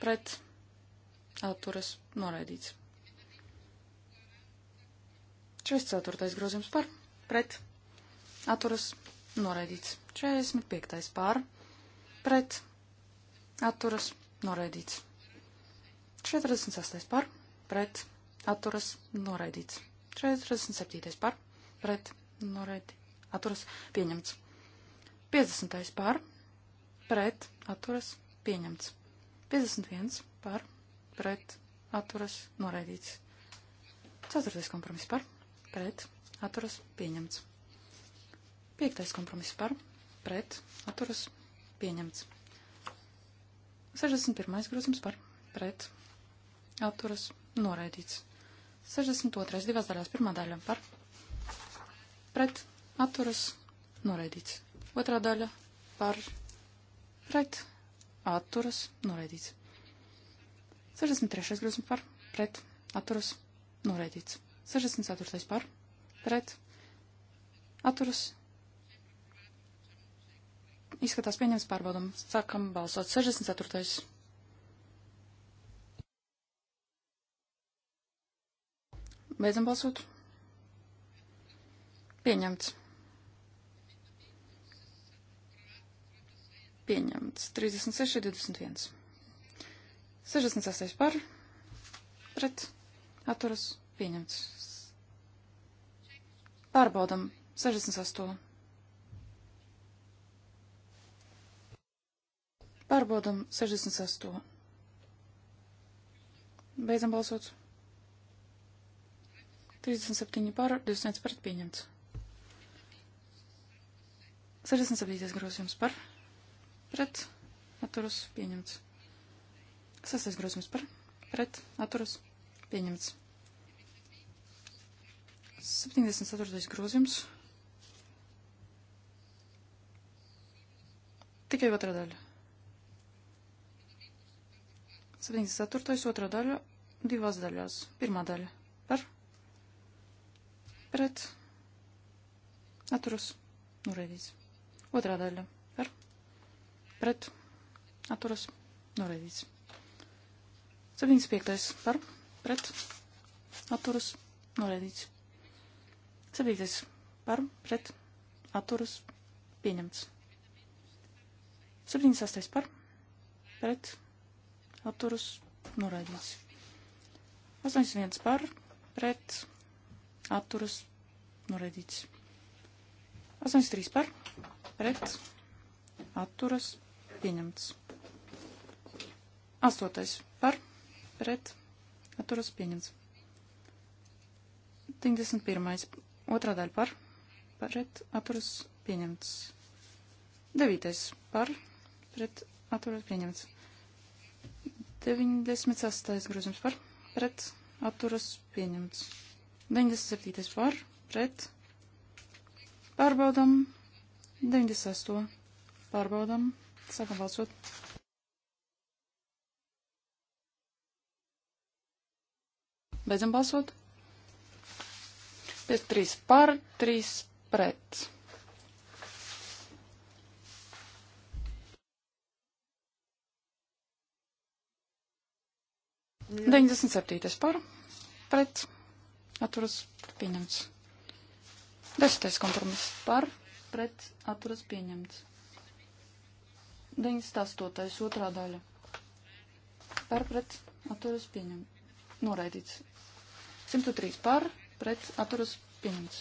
S4: pret, atturas, noraidīts. 44. grozījums par pret atturas noraidīts. 45. par pret atturas noraidīts. 46. par pret atturas noraidīts. 47. par pret noraidīts. Atturas pieņemts. 50. par pret atturas pieņemts. 51 par pret atturas noraidīts. 4. kompromiss par pret, atturas, pieņemts. Piektais kompromiss par, pret, atturas, pieņemts. 61. grozījums par, pret, atturas, noraidīts. 62. divās daļās, pirmā daļa par, pret, atturas, noraidīts. Otrā daļa par, pret, atturas, noraidīts. 63. grozījums par, pret, atturas, noraidīts. 64. par pret atturas. Izskatās pieņems pārbaudam. Sākam balsot 64. Beidzam balsot. Pieņemts. Pieņemts. 36, 21. 68 par. Pret. Atturas. Pieņemts. Pārbaudam 68. Pārbaudam 68. Beidzam balsot. 37 pār, 21 pret pieņemts. 67. grozījums par, pret, atturas, pieņemts. 6. grozījums par, pret, atturas, pieņemts. 74. grozījums. Tikai otrā daļa. 74. otrā daļa divās daļās. Pirmā daļa par pret atturas noraidīts. Otrā daļa par pret atturas noraidīts. 75. par pret atturas noraidīts. Sabīties par pret atturas pieņemts. 76. par pret atturas noraidīts. 81. par pret atturas noraidīts. 83. par pret atturas pieņemts. 8. par pret atturas pieņemts. 91. Otrā daļa par, pret, atturas, pieņemts. Devītais par, pret, atturas, pieņemts. 98. grozījums par, pret, atturas, pieņemts. 97. par, pret, pārbaudam, 98. pārbaudam, sākam balsot. Beidzam balsot. 53 par, 3 pret. Deviņdesmit septītais par, pret, atturas pieņemts. Desmitais kompromiss par, pret, atturas pieņemts. 98. otrā daļa. Par pret atturas pieņem. Noraidīts. 103 par pret atturas pieņemts.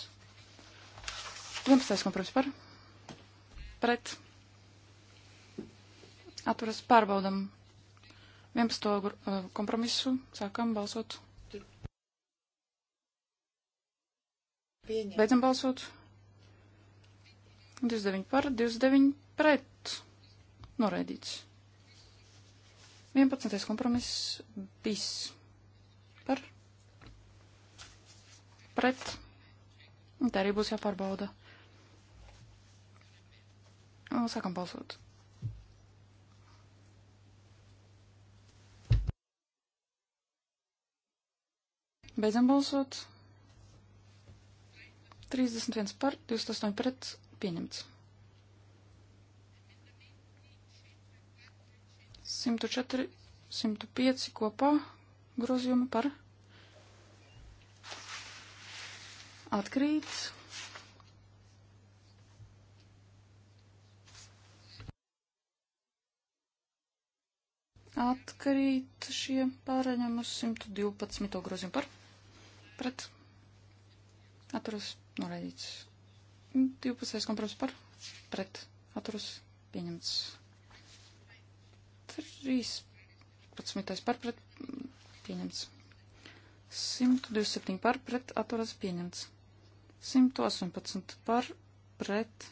S4: 11. kompromiss par pret atturas pārbaudam. 11. Uh, kompromisu sākam balsot. Pieņem. Beidzam balsot. 29 par, 29 pret. Noraidīts. 11. kompromiss bis par pret. Un te arī būs jāpārbauda. Un sākam balsot. Beidzam balsot. 31 par, 28 pret, pieņemts. 104, 105 kopā grozījumi par atkrīt. Atkrīt šie pārēņam uz 112. grozījumu par pret. Atturas noraidīts. 12. kompromiss par pret. Atturas pieņemts. 13. par pret pieņemts. 127 par pret atturas pieņemts. 118 par pret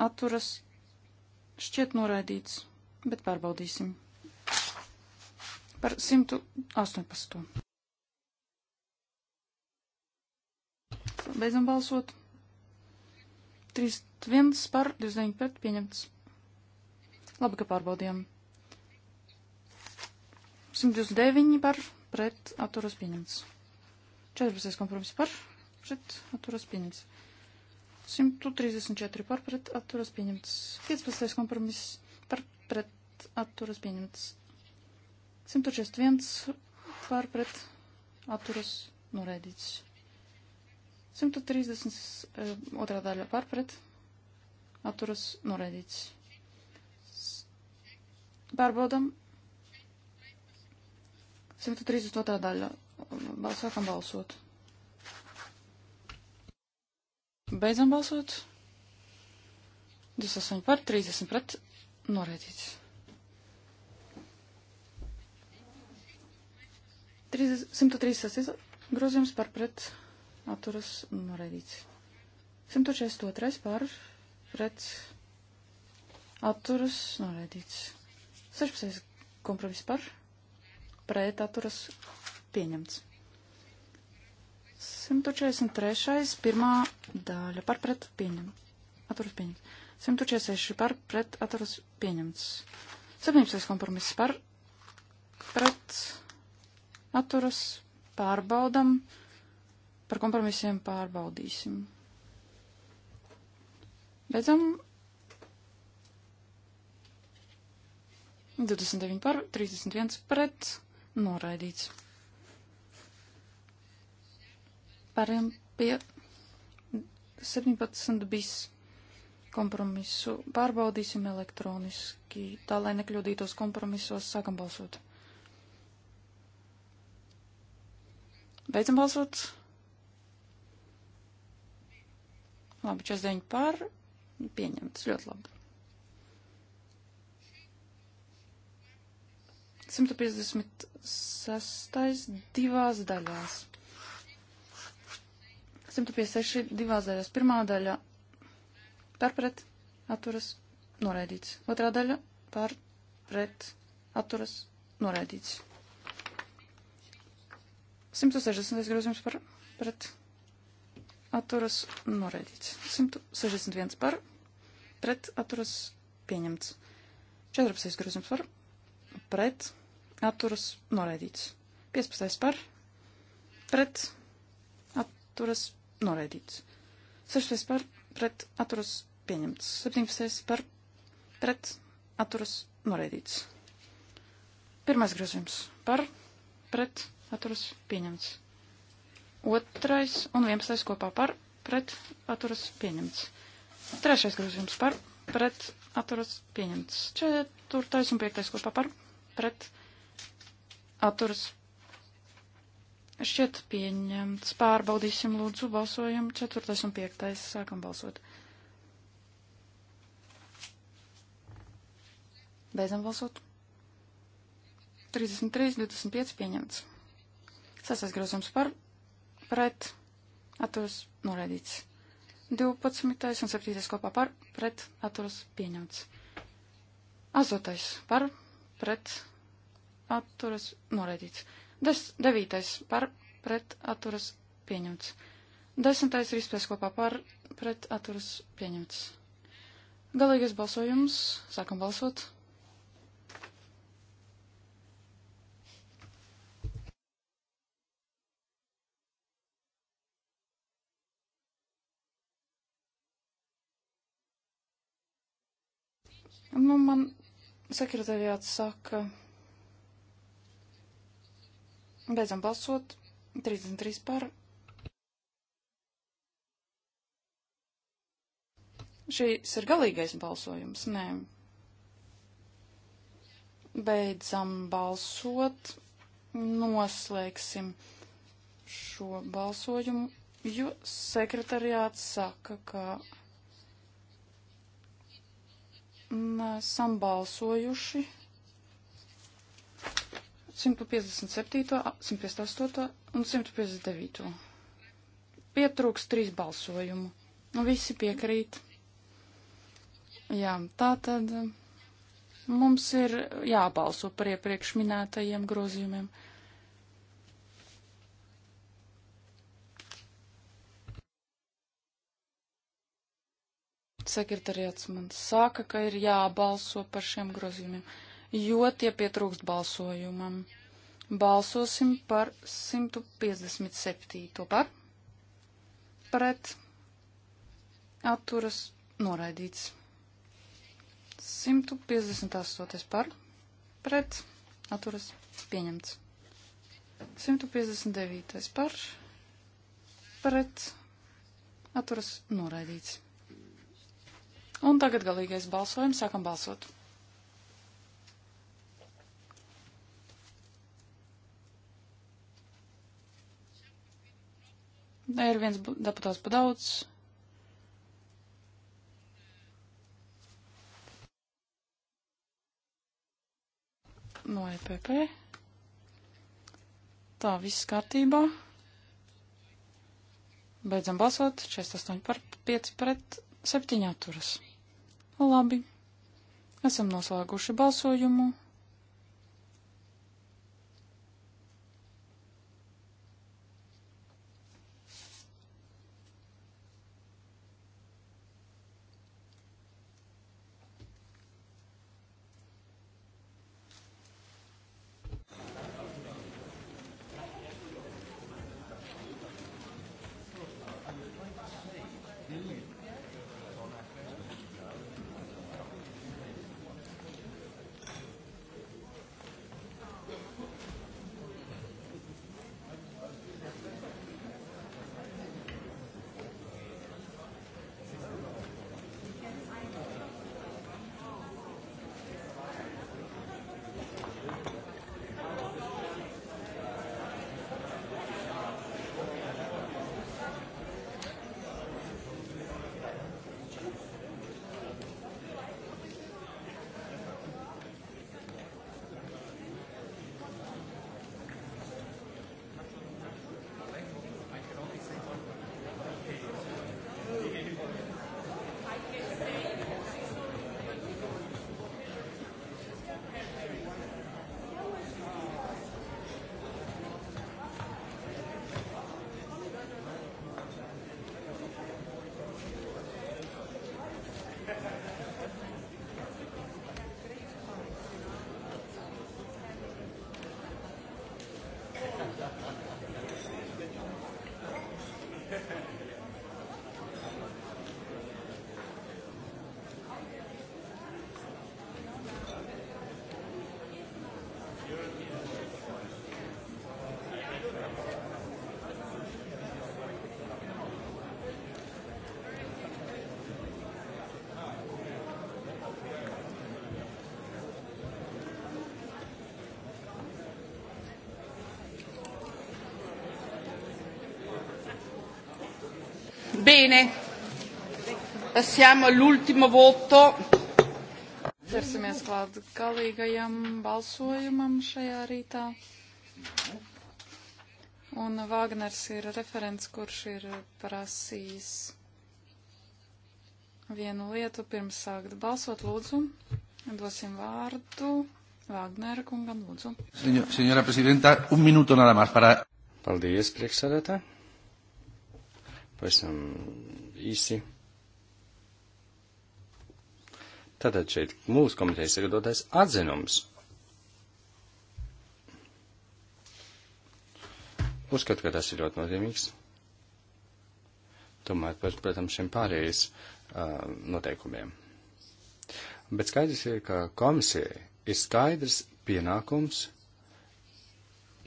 S4: atturas šķiet noraidīts, bet pārbaudīsim. Par 118. Beidzam balsot. 31 par 29 pret pieņemts. Labi, ka pārbaudījām. 129 par pret atturas pieņemts. 14. kompromis par pret atturas pieņemts. 134 par pret atturas pieņemts. 15. kompromis par pret atturas pieņemts. 141 par pret atturas noraidīts. 130 eh, otrā daļa par pret atturas noraidīts. Pārbaudam. 132. daļa. Sākam balsot. Beidzam balsot. 28 par, 30 pret. Noraidīts. 136 grozījums par pret atturas noraidīts. 142 par pret atturas noraidīts. 16 kompromiss par pret atturas pieņemts. 143. pirmā daļa par pret pieņemts. Atturas pieņemts. 146 par pret atturas pieņemts. 17. kompromiss par pret atturas pārbaudam. Par kompromisiem pārbaudīsim. Beidzam 29 par 31 pret noraidīts. Pārējām pie 17 bis kompromisu. Pārbaudīsim elektroniski, tā lai nekļūdītos kompromisos, sākam balsot. Beidzam balsot. Labi, 49 pār. Pieņemts. Ļoti labi. 156. divās daļās. 156 divās daļās. Pirmā daļa pārpret atturas noraidīts. Otrā daļa pārpret atturas noraidīts. 160 grozījums par pret atturas noraidīts. 161 par pret atturas pieņemts. 14 grozījums par pret atturas noraidīts. 15 par pret atturas noraidīts. 6. par pret atturas pieņemts. 17. par pret atturas noraidīts. Pirmais grozījums par pret atturas pieņemts. Otrais un 11. kopā par pret atturas pieņemts. Trešais grozījums par pret atturas pieņemts. Ceturtais un piektais kopā par pret atturas Šķiet pieņemts. Pārbaudīsim lūdzu balsojumu. Ceturtais un piektais. Sākam balsot. Beidzam balsot. 33, 25 pieņemts. Sasais grozījums par, pret, atturas noraidīts. 12. un 7. kopā par, pret, atturas pieņemts. 8. par, pret, atturas noraidīts. Des, devītais par pret atturas pieņemts. Desmitais ir izpēs kopā par pret atturas pieņemts. Galīgais balsojums. Sākam balsot. Nu, man sekretariāts saka, Beidzam balsot. 33 par. Šis ir galīgais balsojums, nē. Beidzam balsot. Noslēgsim šo balsojumu, jo sekretariāts saka, ka nesam balsojuši 157, 158 un 159. Pietrūks trīs balsojumu. Nu, visi piekrīt. Jā, tā tad um, mums ir jābalso par iepriekš minētajiem grozījumiem. Sekretariāts man saka, ka ir jābalso par šiem grozījumiem jo tie pietrūkst balsojumam. Balsosim par 157. par pret atturas noraidīts. 158. par pret atturas pieņemts. 159. par pret atturas noraidīts. Un tagad galīgais balsojums. Sākam balsot. Ir viens deputāts pa daudz. No EPP. Tā, viss kārtībā. Beidzam balsot. 48 par 5 pret 7 atturas. Labi. Esam noslēguši balsojumu.
S1: Bene, passiamo all'ultimo voto.
S4: Ķersimies klāt galīgajam balsojumam šajā rītā. Un Vāgners ir referents, kurš ir prasījis vienu lietu pirms sākt balsot. Lūdzu, dosim vārdu Vāgnera kungam, lūdzu.
S3: Seņora prezidenta, un minūtu nada más para. Paldies, priekšsēdētāji pavisam īsi. Tātad šeit mūsu komitejas sagatavotais atzinums. Uzskatu, ka tas ir ļoti nozīmīgs. Tomēr, protams, šiem pārējais uh, noteikumiem. Bet skaidrs ir, ka komisijai ir skaidrs pienākums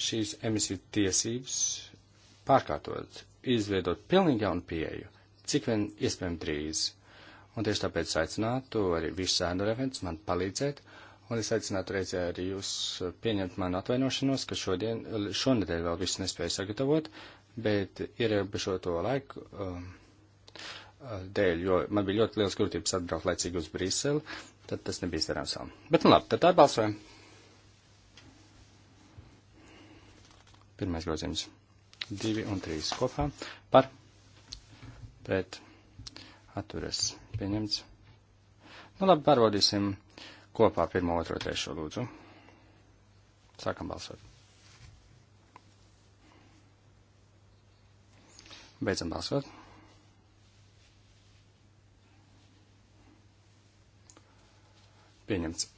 S3: šīs emisiju tiesības pārkārtot izveidot pilnīgi jaunu pieeju, cik vien iespējami drīz. Un tieši tāpēc aicinātu arī visus ēnu referents man palīdzēt, un es aicinātu reizē arī jūs pieņemt manu atvainošanos, ka šodien, šonedēļ vēl visu nespēju sagatavot, bet ierobežo to laiku um, uh, dēļ, jo man bija ļoti liels grūtības atbraukt laicīgi uz Briseli, tad tas nebija izdarāms vēl. Bet nu labi, tad tā balsojam. Pirmais grozījums. 2 un 3 kopā par pret atturas pieņemts. Nu labi, pārbaudīsim kopā 1, 2, 3 lūdzu. Sākam balsot. Beidzam balsot. Pieņemts.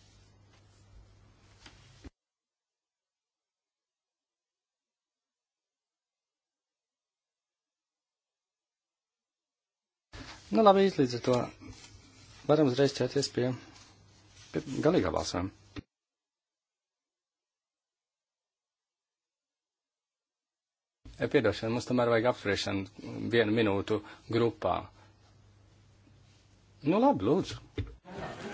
S3: Nu, labi, līdz ar to varam uzreiz ķerties pie, pie galīgā balsojuma. Piedošana, mums tomēr vajag apspriešanu vienu minūtu grupā. Nu, labi, lūdzu.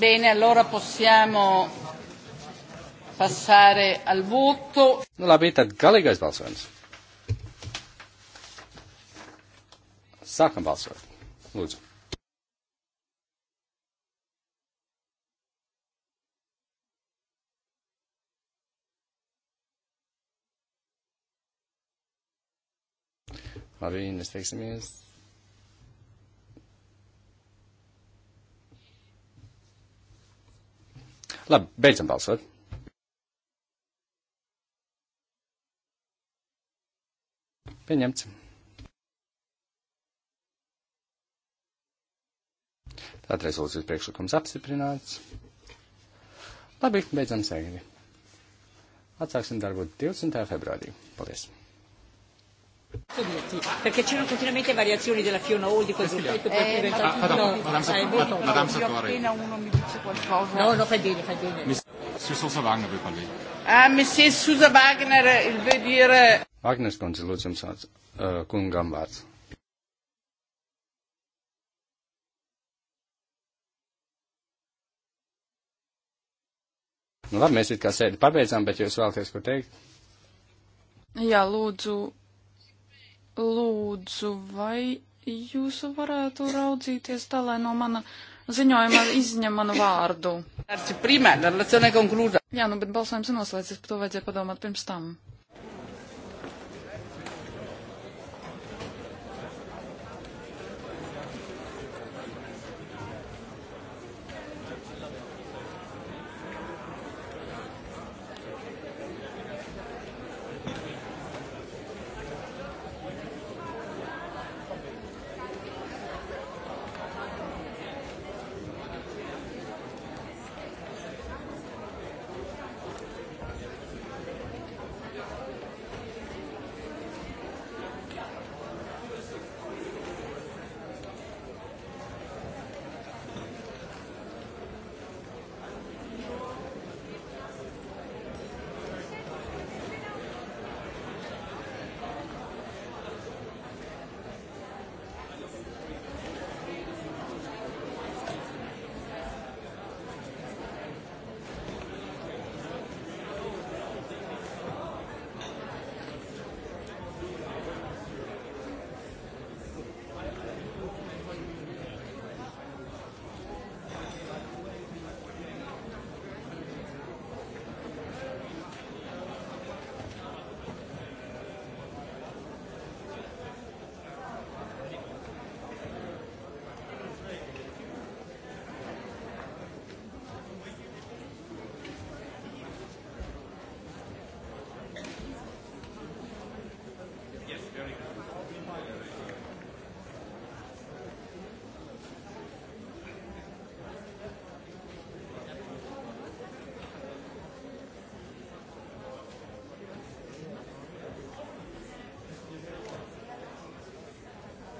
S1: Bene, allora possiamo passare al voto.
S3: Nu, labi, tad galīgais balsojums. Sākam balsot. Lūdzu. Labi, mēs teiksimies. Labi, beidzam balsot. Pieņemts. Tātad rezolūcijas priekšlikums apstiprināts. Labi, beidzam sēdi. Atsāksim darbu 20. februārī. Paldies!
S1: Perché c'erano continuamente variazioni della Fiona Hall di questo gruppo. Eh,
S3: ah, pardon, no, Madame, Sa- no, Madame Satori. Appena
S4: uno mi dice
S1: qualcosa. No, no, fai bene, fai bene.
S3: Monsieur Sosa Wagner vuol parlare.
S1: Ah, Monsieur Sosa Wagner, il vuol dire...
S3: Wagner skundze, eh, lūdzu, jums vārds. Uh, kungam vārds. Nu labi, mēs it kā sēdi pabeidzām, bet jūs vēlaties ko teikt?
S4: Jā, lūdzu, Lūdzu, vai jūs varētu raudzīties tā, lai no mana ziņojuma izņem manu vārdu? Jā, nu, bet balsojums ir noslēdzies, par to vajadzēja padomāt pirms tam.